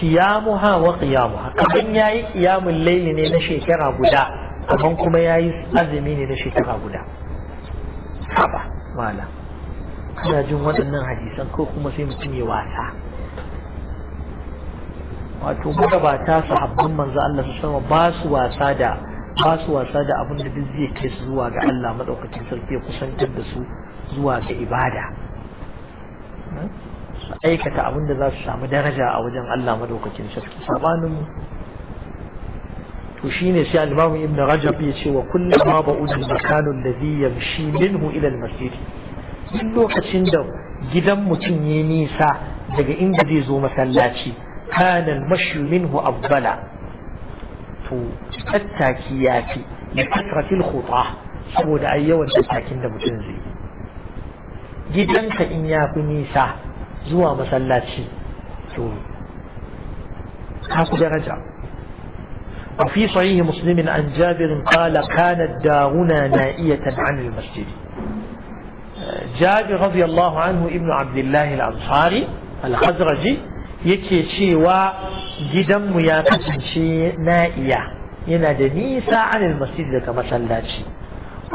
siyamuha wa qiyamuha kaman yayi qiyamul layli ne na shekara guda kaman kuma yayi azumi ne na shekara guda haba mala kana jin waɗannan hadisan ko kuma sai mutum ya wasa wato magabata sahabban manzo Allah su sama ba su wasa da ba su wasa da abin da duk zai kai su zuwa ga Allah madaukakin sarki ya kusantar da su zuwa ga ibada su aikata abin da za su samu daraja a wajen Allah madaukakin sarki sabanin to shine sai al-Imam Ibn Rajab ya ce wa kullu ma ba'udul makanu alladhi yamshi minhu ila al-masjid duk lokacin da gidan mutum ya nisa daga inda zai zo masallaci كان المشي منه أفضل فالتاكيات لكثرة الخطاة سبود أي yawan tattakin da جدا zai gidanka in زوا مسلاتي nisa zuwa masallaci وفي صحيح مسلم عن جابر قال كانت دارنا نائية عن المسجد جابر رضي الله عنه ابن عبد الله الأنصاري الخزرجي yake cewa gidanmu ya kasance na'iya yana da nisa anil masjid daga masallaci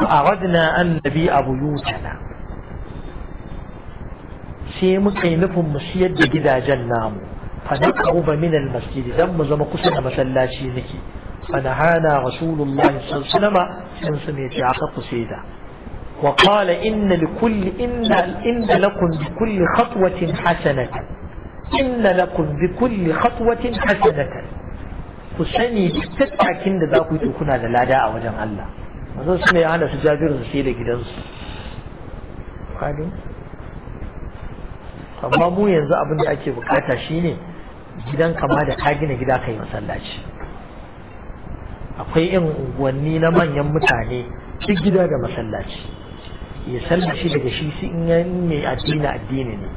aradna an nabi abu yutana sai muka yi nufin mu siyar da gidajen namu fa naqruba min al masjid dan mu zama kusa da masallaci nake fa nahana rasulullahi sallallahu alaihi wasallam sun sume ci aka kuseda وقال إن لكل inda إن لكم kulli خطوة حسنة inna kunbi bi kulli khatwatin hasanatan ku sani duk tattakin da za ku yi kuna da lada a wajen Allah mazan su ne hana su su sai da gidansu amma mu yanzu abin da ake bukata shine gidan kama da ka gina gida kai masallaci akwai yin unguwanni na manyan mutane duk gida da masallaci ya sallaci daga shi in mai addini addini ne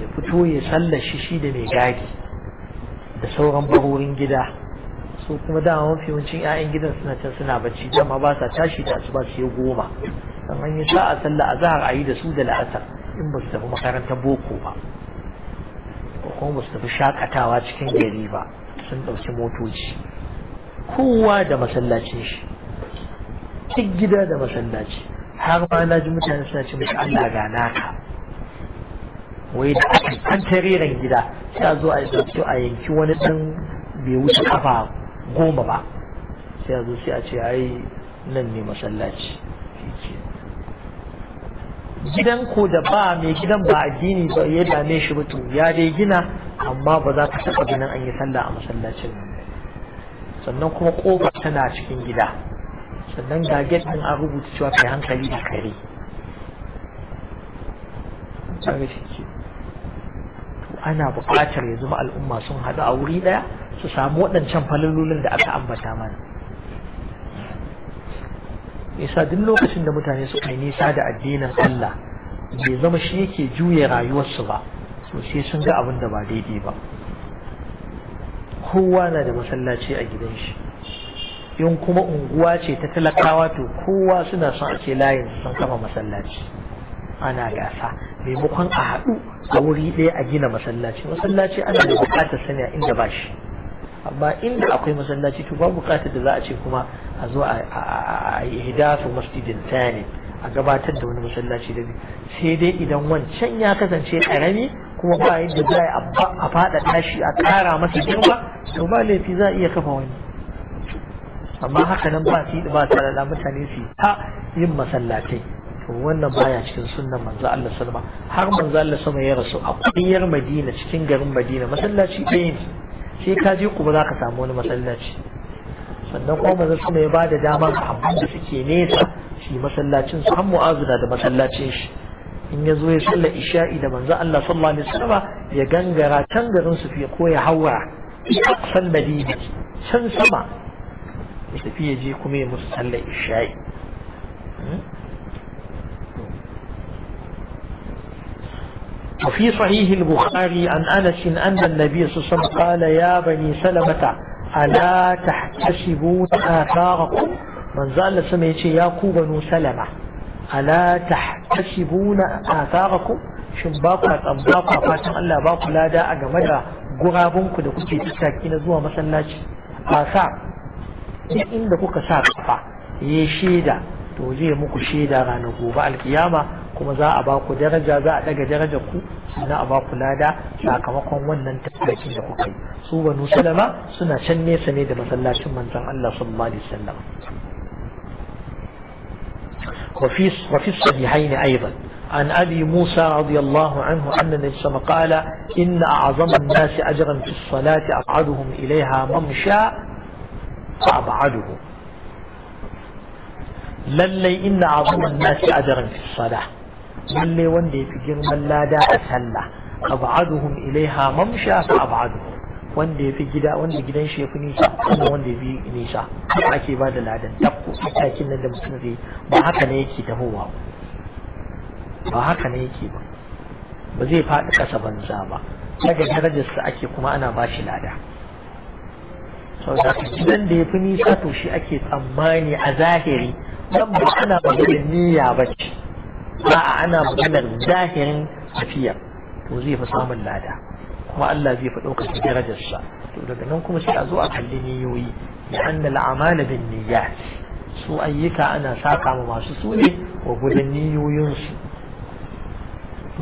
ya fito ya sallashi shi da mai gadi da sauran barorin gida su kuma dama mafi yawancin 'ya'yan gidan suna can suna bacci dama ba sa tashi da su ba su yi goma dan an yi sa'a sallah a zahar a da su da la'asar in ba su tafi makarantar boko ba ko kuma ba su tafi shakatawa cikin gari ba sun ɗauki motoci kowa da masallacin shi duk gida da masallaci har ma na ji mutane suna ce mutu Allah ga naka wai da ake an gida sai a zo a a yanki wani ɗan bai wuce kafa goma ba sai a zo sai a ce ai nan ne masallaci gidan ko da ba mai gidan ba addini ba ya dame shi ba ya dai gina amma ba za ka taba ganin an yi sallah a masallacin sannan kuma ƙofa tana cikin gida sannan ga ɗin an rubuta cewa kai hankali da kare. Thank you. ana buƙatar ya zama al'umma sun haɗu a wuri ɗaya su samu waɗancan falalolin da aka ambata mana yasa duk lokacin da mutane suka yi nisa da addinin Allah bai zama shi yake juya rayuwarsu ba to sai sun ga abin da ba daidai ba kowa na da masallaci a gidan shi in kuma unguwa ce ta talakawa to kowa suna son a ce layin sun kafa masallaci ana gasa maimakon a haɗu a wuri ɗaya a gina masallaci masallaci ana da buƙatar sani a inda ba shi amma inda akwai masallaci to babu buƙatar da za a ce kuma a zo a hidafu masjidin tani a gabatar da wani masallaci da ne sai dai idan wancan ya kasance ƙarami kuma ba yadda za a faɗaɗa shi a ƙara masa girma to ba laifi za a iya kafa wani amma haka nan ba su yi ba tare da mutane su ha yin masallatai to wannan baya cikin sunnan manzo Allah sallama har manzo Allah sama ya rasu a kudiyar Madina cikin garin Madina masallaci ɗaya ne sai ka je kuma zaka samu wani masallaci sannan kuma manzo sama ya bada dama ga abin da suke nesa shi masallacin su har mu'azu da masallacin shi in ya zo ya salla isha'i da manzo Allah sallallahu alaihi ya gangara can garin su fiye ko ya haura aqsal madina can sama ya tafi ya je kuma ya musu sallar isha'i hmm? وفي صحيح البخاري عن أنس أن النبي صلى الله عليه وسلم قال يا بني سلمة ألا تحتسبون آثاركم من زال سميتي يا بنو سلمة ألا تحتسبون آثاركم شن ba ku ba ku fatan Allah لا داء lada a game da gurabunku da kuke tattaki na zuwa masallaci a sa to zai muku shaida ranar gobe alkiyama kuma za a ba ku daraja za a daga darajar ku sannan a ba ku lada sakamakon wannan tafarkin da kuka yi su banu salama suna can nesa ne da masallacin manzon Allah sallallahu alaihi wasallam وفي وفي الصحيحين أيضا عن أبي موسى رضي الله عنه أن النبي صلى الله عليه وسلم قال إن أعظم الناس أجرا في الصلاة أقعدهم إليها ممشى فأبعدهم lallai inna azuman nasi ajran fi salah lallai wanda ya fi girman lada a sallah ab'aduhum ilaiha mamsha fa ab'aduhum wanda yafi gida wanda gidan shi yafi nisa kuma wanda ya fi nisa ake ba da ladan dakko takin nan da mutum zai ba haka ne yake tahowa ba haka ne yake ba ba zai faɗi ƙasa banza ba daga darajarsa ake kuma ana ba shi lada sau da gidan da ya fi nisa to shi ake tsammani a zahiri dan ba ana maganar niyya ba ce ba ana maganar zahirin tafiya to zai fi samun lada kuma Allah zai fi ɗaukar darajarsa to daga nan kuma sai a zo a kalli niyoyi ya anna al'amala bin niyyat su ayyuka ana saka ma masu su ne wa gudun su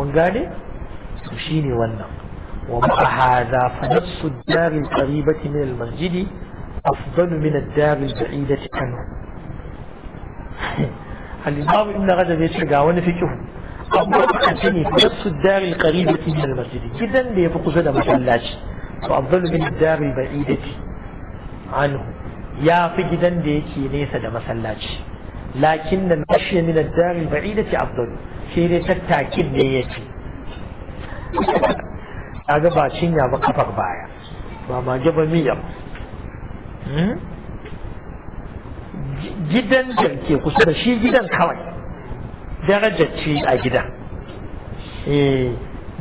mun gane to shine wannan ومع هذا فنفس الدار القريبة من المسجد أفضل من الدار البعيدة عنه al-imam ibn rajab ya wani fikihu amma ka ce ne nasu dari qaribati min al-masjid gidan da yafi kusa da masallaci to afdalu min dari ba'idati anhu ya fi gidan da yake nesa da masallaci lakin nan mashi min al-dari ba'idati afdalu sai dai tattakin ne ya Ya kaga ba cinya ba kafar baya ba ma jaba miyam gidan da ke kusa da shi gidan kawai darajar ce a gidan eh,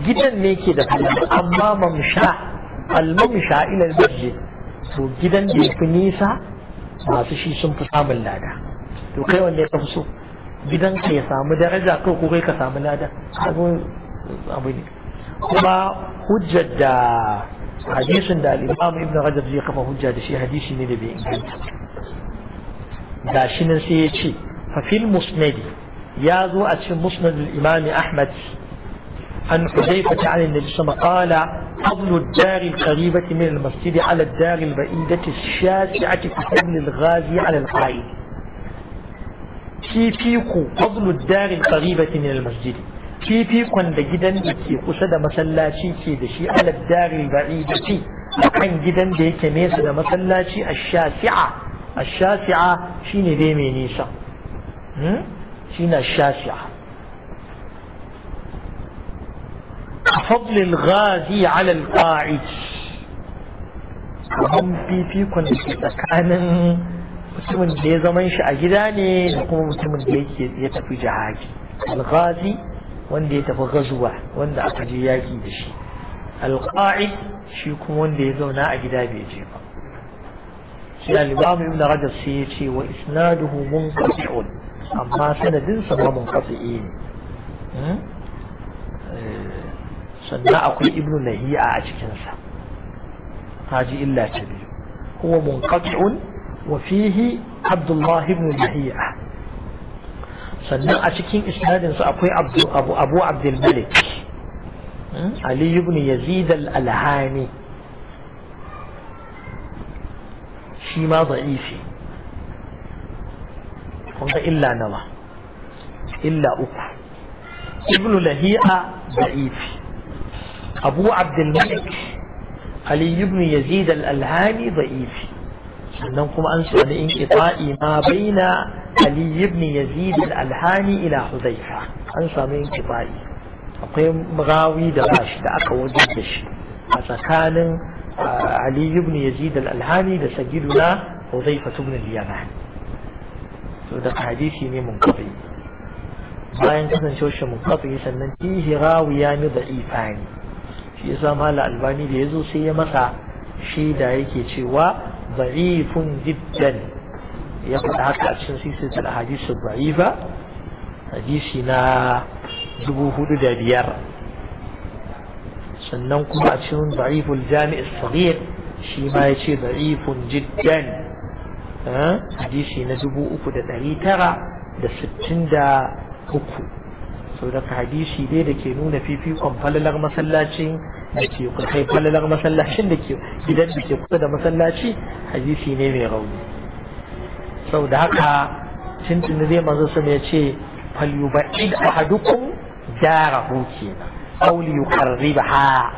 gidan ne ke da falala amma mamsha almamsha ilal masjid to gidan da ya fi nisa masu shi sun fi samun lada to kai wanda ya so gidan ka ya samu daraja ko ko kai ka samu lada abu ne kuma hujjar da hadisin da al ibn rajab zai kafa hujja da shi hadisi ne da bai inganta gashi nan sai ya ce fafil musnadi ya zo a cikin musnad al-imam ahmad an hudayfa ta nabi sama qala عن حذيفة عن النبي صلى الله عليه وسلم قال فضل الدار القريبة من المسجد على al-ghazi ala al-qa'id kifiku الحائل ad-dar al-qaribah min al-masjid kifikun da gidan da ke kusa da masallaci ke da shi ala ad-dar al-ba'idah kan gidan da yake nesa da masallaci ash-shati'ah الشاسعة شيني دي مينيسا شين الشاسعة فضل الغازي على القاعد kamar fifikon da ke tsakanin mutumin da ya zaman shi a gida ne da kuma mutumin da yake ya tafi jihadi alghazi wanda ya tafi gazuwa wanda aka je yaƙi da shi alqa'id shi kuma wanda ya zauna a gida bai je ba يعني بعض ابن رجل سيتي وإسناده منقطع أما سندين سما منقطعين آه، سنة أقول ابن نهي أعجي هاجي إلا تبيه هو منقطع وفيه عبد الله بن نهي سنة أشكين إسناد سأقول أبو, أبو عبد الملك علي بن يزيد الألهاني shi ma da'ifi kun illa nawa illa uku ibn lahi'a da'ifi abu abdul malik ali ibn yazid al alhani da'ifi sannan kuma an sami in qita'i ma baina ali ibn yazid al-alhani ila hudayfa an samu in qita'i akwai magawi da bashi da aka wajen da shi a tsakanin علي بن يزيد الألهاني ده سجلنا حذيفة بن اليمان ده حديثي ني منقطع bayan kasancewar shi munkafi sannan fihi rawiya ni da ifani shi yasa mala albani da yazo sai ya masa shaida yake cewa da'ifun jiddan ya faɗa haka a cikin sisir da hadisi da'ifa hadisi na dubu hudu da biyar sannan kuma a cikin da'iful jami'i saghir shi ma yace da'ifun jiddan eh, hadisi na dubu uku da ɗari tara da sittin da uku sau da hadisi dai da ke nuna fifikon falalar masallacin da ke kai falalar masallacin da ke gidan da ke kusa da masallaci hadisi ne mai rauni sau da haka tuntuni zai manzo su ya ce falyuba'id ahadukum gyara kenan auli li yuqarribha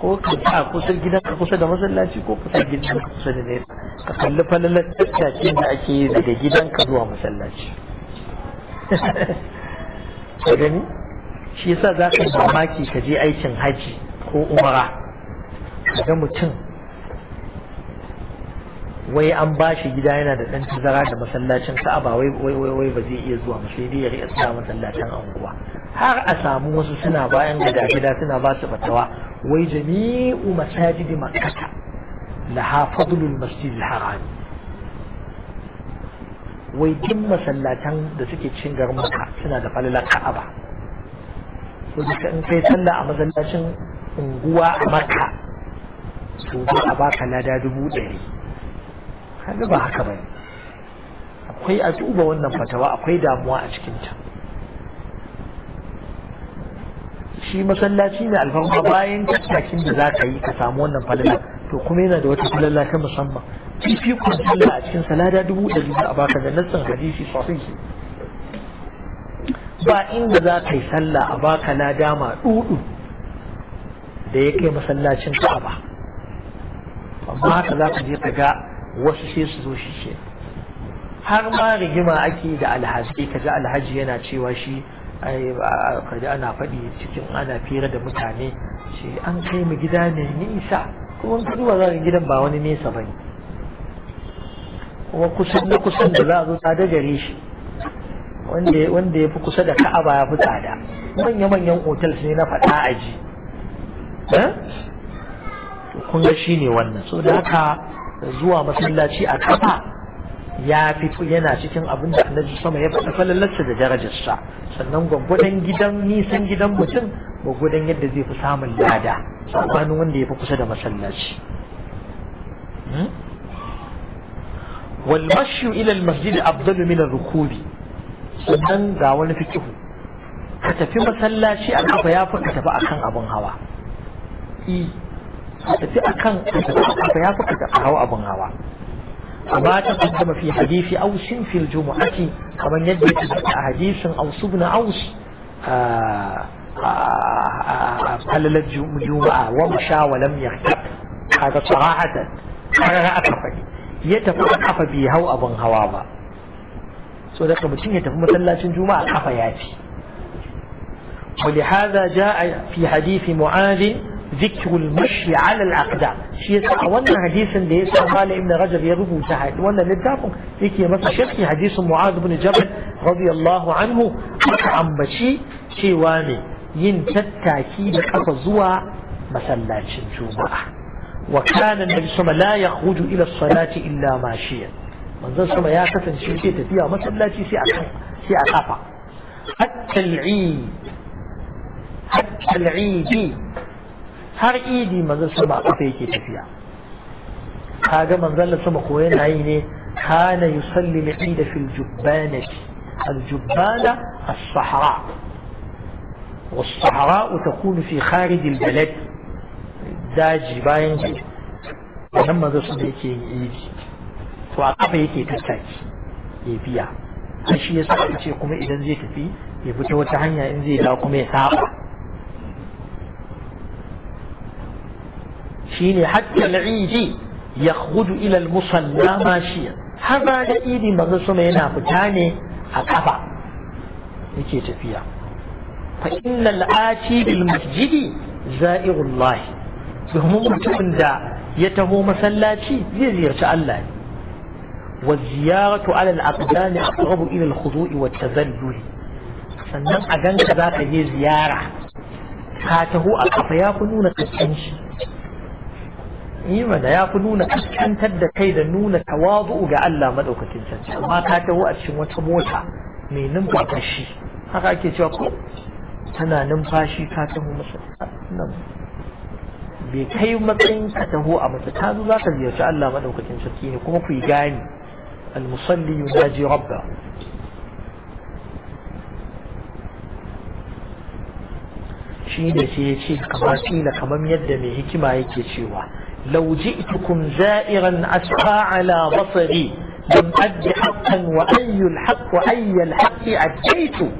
ko ka sa kusa gidan ka kusa da masallaci ko kusa gidan ka kusa da nesa ka kalli falalar tattakin da ake yi daga gidan ka zuwa masallaci ka gani shi yasa za ka yi mamaki ka je aikin haji ko umara ka ga mutum wai an ba shi gida yana da ɗan tazara da masallacin ka'aba wai wai wai ba zai iya zuwa ba sai dai ya riƙa tsaya masallacin anguwa har a samu wasu suna bayan gida gida suna ba su fatawa wai jami'u masajidi makkata laha fadlul masjid haram wai duk masallatan da suke cin garin makka suna da falalar ka'aba so duka in kai sallah a masallacin unguwa a makka to ba a baka lada dubu ɗari kaga ba haka bane akwai a duba wannan fatawa akwai damuwa a cikinta shi masallaci ne alfarma bayan tattakin da za ka yi ka samu wannan falala to kuma yana da wata falala ta musamman fifikon sallah a cikin salada dubu ɗari da a baka da nassin hadisi sahihi ba inda za ka yi sallah a baka lada ma dudu da ya kai masallacin ba amma haka za ka je ka ga wasu sai su zo shi ce har ma rigima ake da alhaji ka ji alhaji yana cewa shi ai kaji ana faɗi cikin ana fira da mutane shi an kai mu gida ne nisa kuma ka duba za gidan ba wani nesa bane kuma kusan na kusan da za a zo tsada gare shi wanda ya fi kusa da ka'aba ya fi tsada manya-manyan otal ne na faɗa a ji eh? kun ga shi ne wannan so da haka zuwa masallaci a kafa ya fito yana cikin abin da annabi sama ya faɗa falalarsa da darajarsa sannan gwaggwadon gidan nisan gidan mutum gwaggwadon yadda zai fi samun lada tsakanin wanda ya fi kusa da masallaci hmm? Walmashu ilal Masjid أفضل من الركوب sannan ga wani fikihu ka tafi masallaci a kafa ya ka tafi akan abin hawa ka tafi a abin hawa e, وما تقدم في حديث أوس في الجمعة ومن يدري حديث أوس بن أوس قللت آه، الجمعة آه، ومشى ولم يغتب هذا صراحة قرر أتفق يتفق أكف بي هو أبن هوابا سوى ذلك متين يتفق مثلا جمعة أكف ياتي ولهذا جاء في حديث معاذ ذكر المشي على الاقدام شيء وانا حديث دي قال ان رجل يغفو سعد وانا للدافق فيك يا مثل شيخي حديث معاذ بن جبل رضي الله عنه عم بشي شي واني ين تتاكي بقف زوا مثلا شنجوبا وكان النبي صلى الله عليه وسلم لا يخرج الى الصلاه الا ماشيا من ذا صلى يا كتن شي شي تتيا مثلا شي سي سي حتى العيد حتى العيد har idi manzon sama a kafa yake tafiya kaga manzon sama ko yana yi ne kana yusalli al-eid fi al-jubbanati al-jubbana as-sahra والصحراء تكون في خارج البلد daji bayan ke nan maza su da yake yi to a kafa yake tattaki ya biya a shi ya sa ce kuma idan zai tafi ya fita wata hanya in zai dawo kuma ya saba شين حتى العيد يخرج الى المصلى ماشيا هذا العيد ما رسم هنا فتاني اكفا يجي تفيا فان الاتي بالمسجد زائر الله فهم من دا يتهو مسلاتي يزير الله والزيارة على الأقدام أقرب إلى الخضوع والتذلل سنم أجنك ذاك زيارة هاته أقفيا كنون تتنشي yi da ya fi nuna kaskantar da kai da nuna tawazu ga Allah madaukakin sarki amma ta taho a cikin wata mota mai numfashi haka ake cewa ko tana numfashi ka taho masa nan bai kai matsayin ka taho a mata ta zo za ka ziyarci Allah madaukakin sarki ne kuma ku yi gani al-musalli yunaji rabba shi da sai ya ce kamar kila kamar yadda mai hikima yake cewa لو جئتكم زائرا أسعى على بصري لم أد حقا وأي الحق وأي الحق أديت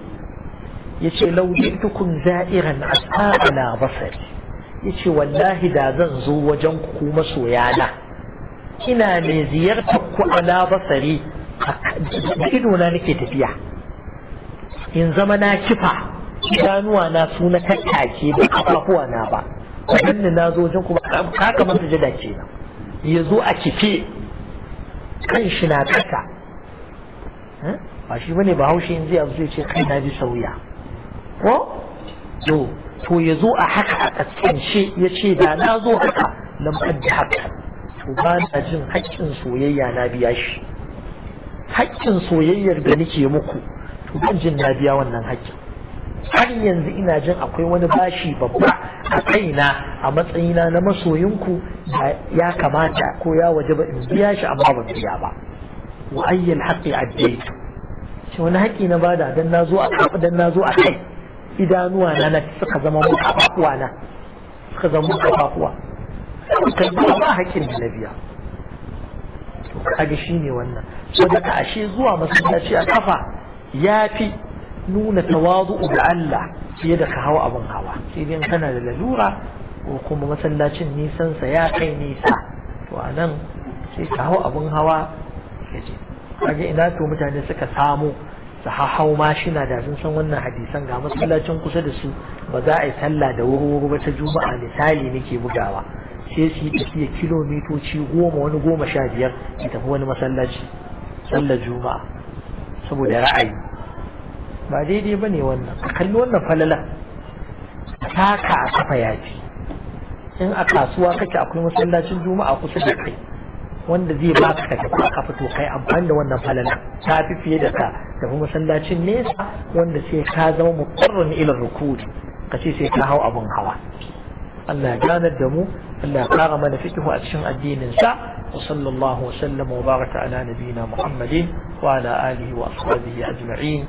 يشي لو جئتكم زائرا أسعى على بصري يشي والله إذا زنزو وجنكو مسويانا إنا نزيرتك على بصري أكدونا نكتبيع إن زمنا كفا إذا أنا سونا كتاكي بأطلقوا أنا بأطلقوا ne na zo wajen kuma ka kamar ke kenan ya zo a kife kan shi na kasa hm? ba shi bane ba haushe yanzu ya zo ce kai na ji sauya ko to to ya zo a haka a shi ya ce da na zo haka na da haka to ba na jin haƙƙin soyayya na biya shi haƙƙin soyayyar da nake muku to ban jin na biya wannan haƙƙin har yanzu ina jin akwai wani bashi babba a kaina a matsayina na masoyinku da ya kamata ko ya waje ba in biya shi amma ban biya ba wa ayyul haqqi addaitu shi wani haƙi na bada dan nazo a kafa dan nazo a kai idanuwa na na suka zama mu kafuwa. na suka zama mu kafuwa kai ba haƙin da na biya to kage shine wannan saboda ashe zuwa masallaci a kafa yafi nuna tawazu ga Allah fiye da ka hawa abin hawa sai dai kana da lalura ko kuma masallacin nisan sa ya kai nisa to anan sai ka hawa abin hawa kaje kaga ina to mutane suka samu su hahau mashina da sun san wannan hadisan ga masallacin kusa da su ba za a yi sallah da wuri-wuri ba ta juma'a misali nake bugawa sai su yi tafiya kilomitoci goma wani goma sha biyar su tafi wani masallaci sallar juma'a saboda ra'ayi ba daidai ba ne wannan a kalli wannan falala taka a kafa yafi in a kasuwa kake akwai masallacin juma'a kusa da kai wanda zai ba ka tafi ka fito kai amfani da wannan falala ta fi fiye da ka tafi masallacin nesa wanda sai ka zama muqarrin ila rukudi ka ce sai ka hau abun hawa Allah ya ganar da mu Allah ya kara mana fikihu a cikin addinin sa wa sallallahu wa sallama wa baraka ala nabiyina Muhammadin wa ala alihi wa ashabihi ajma'in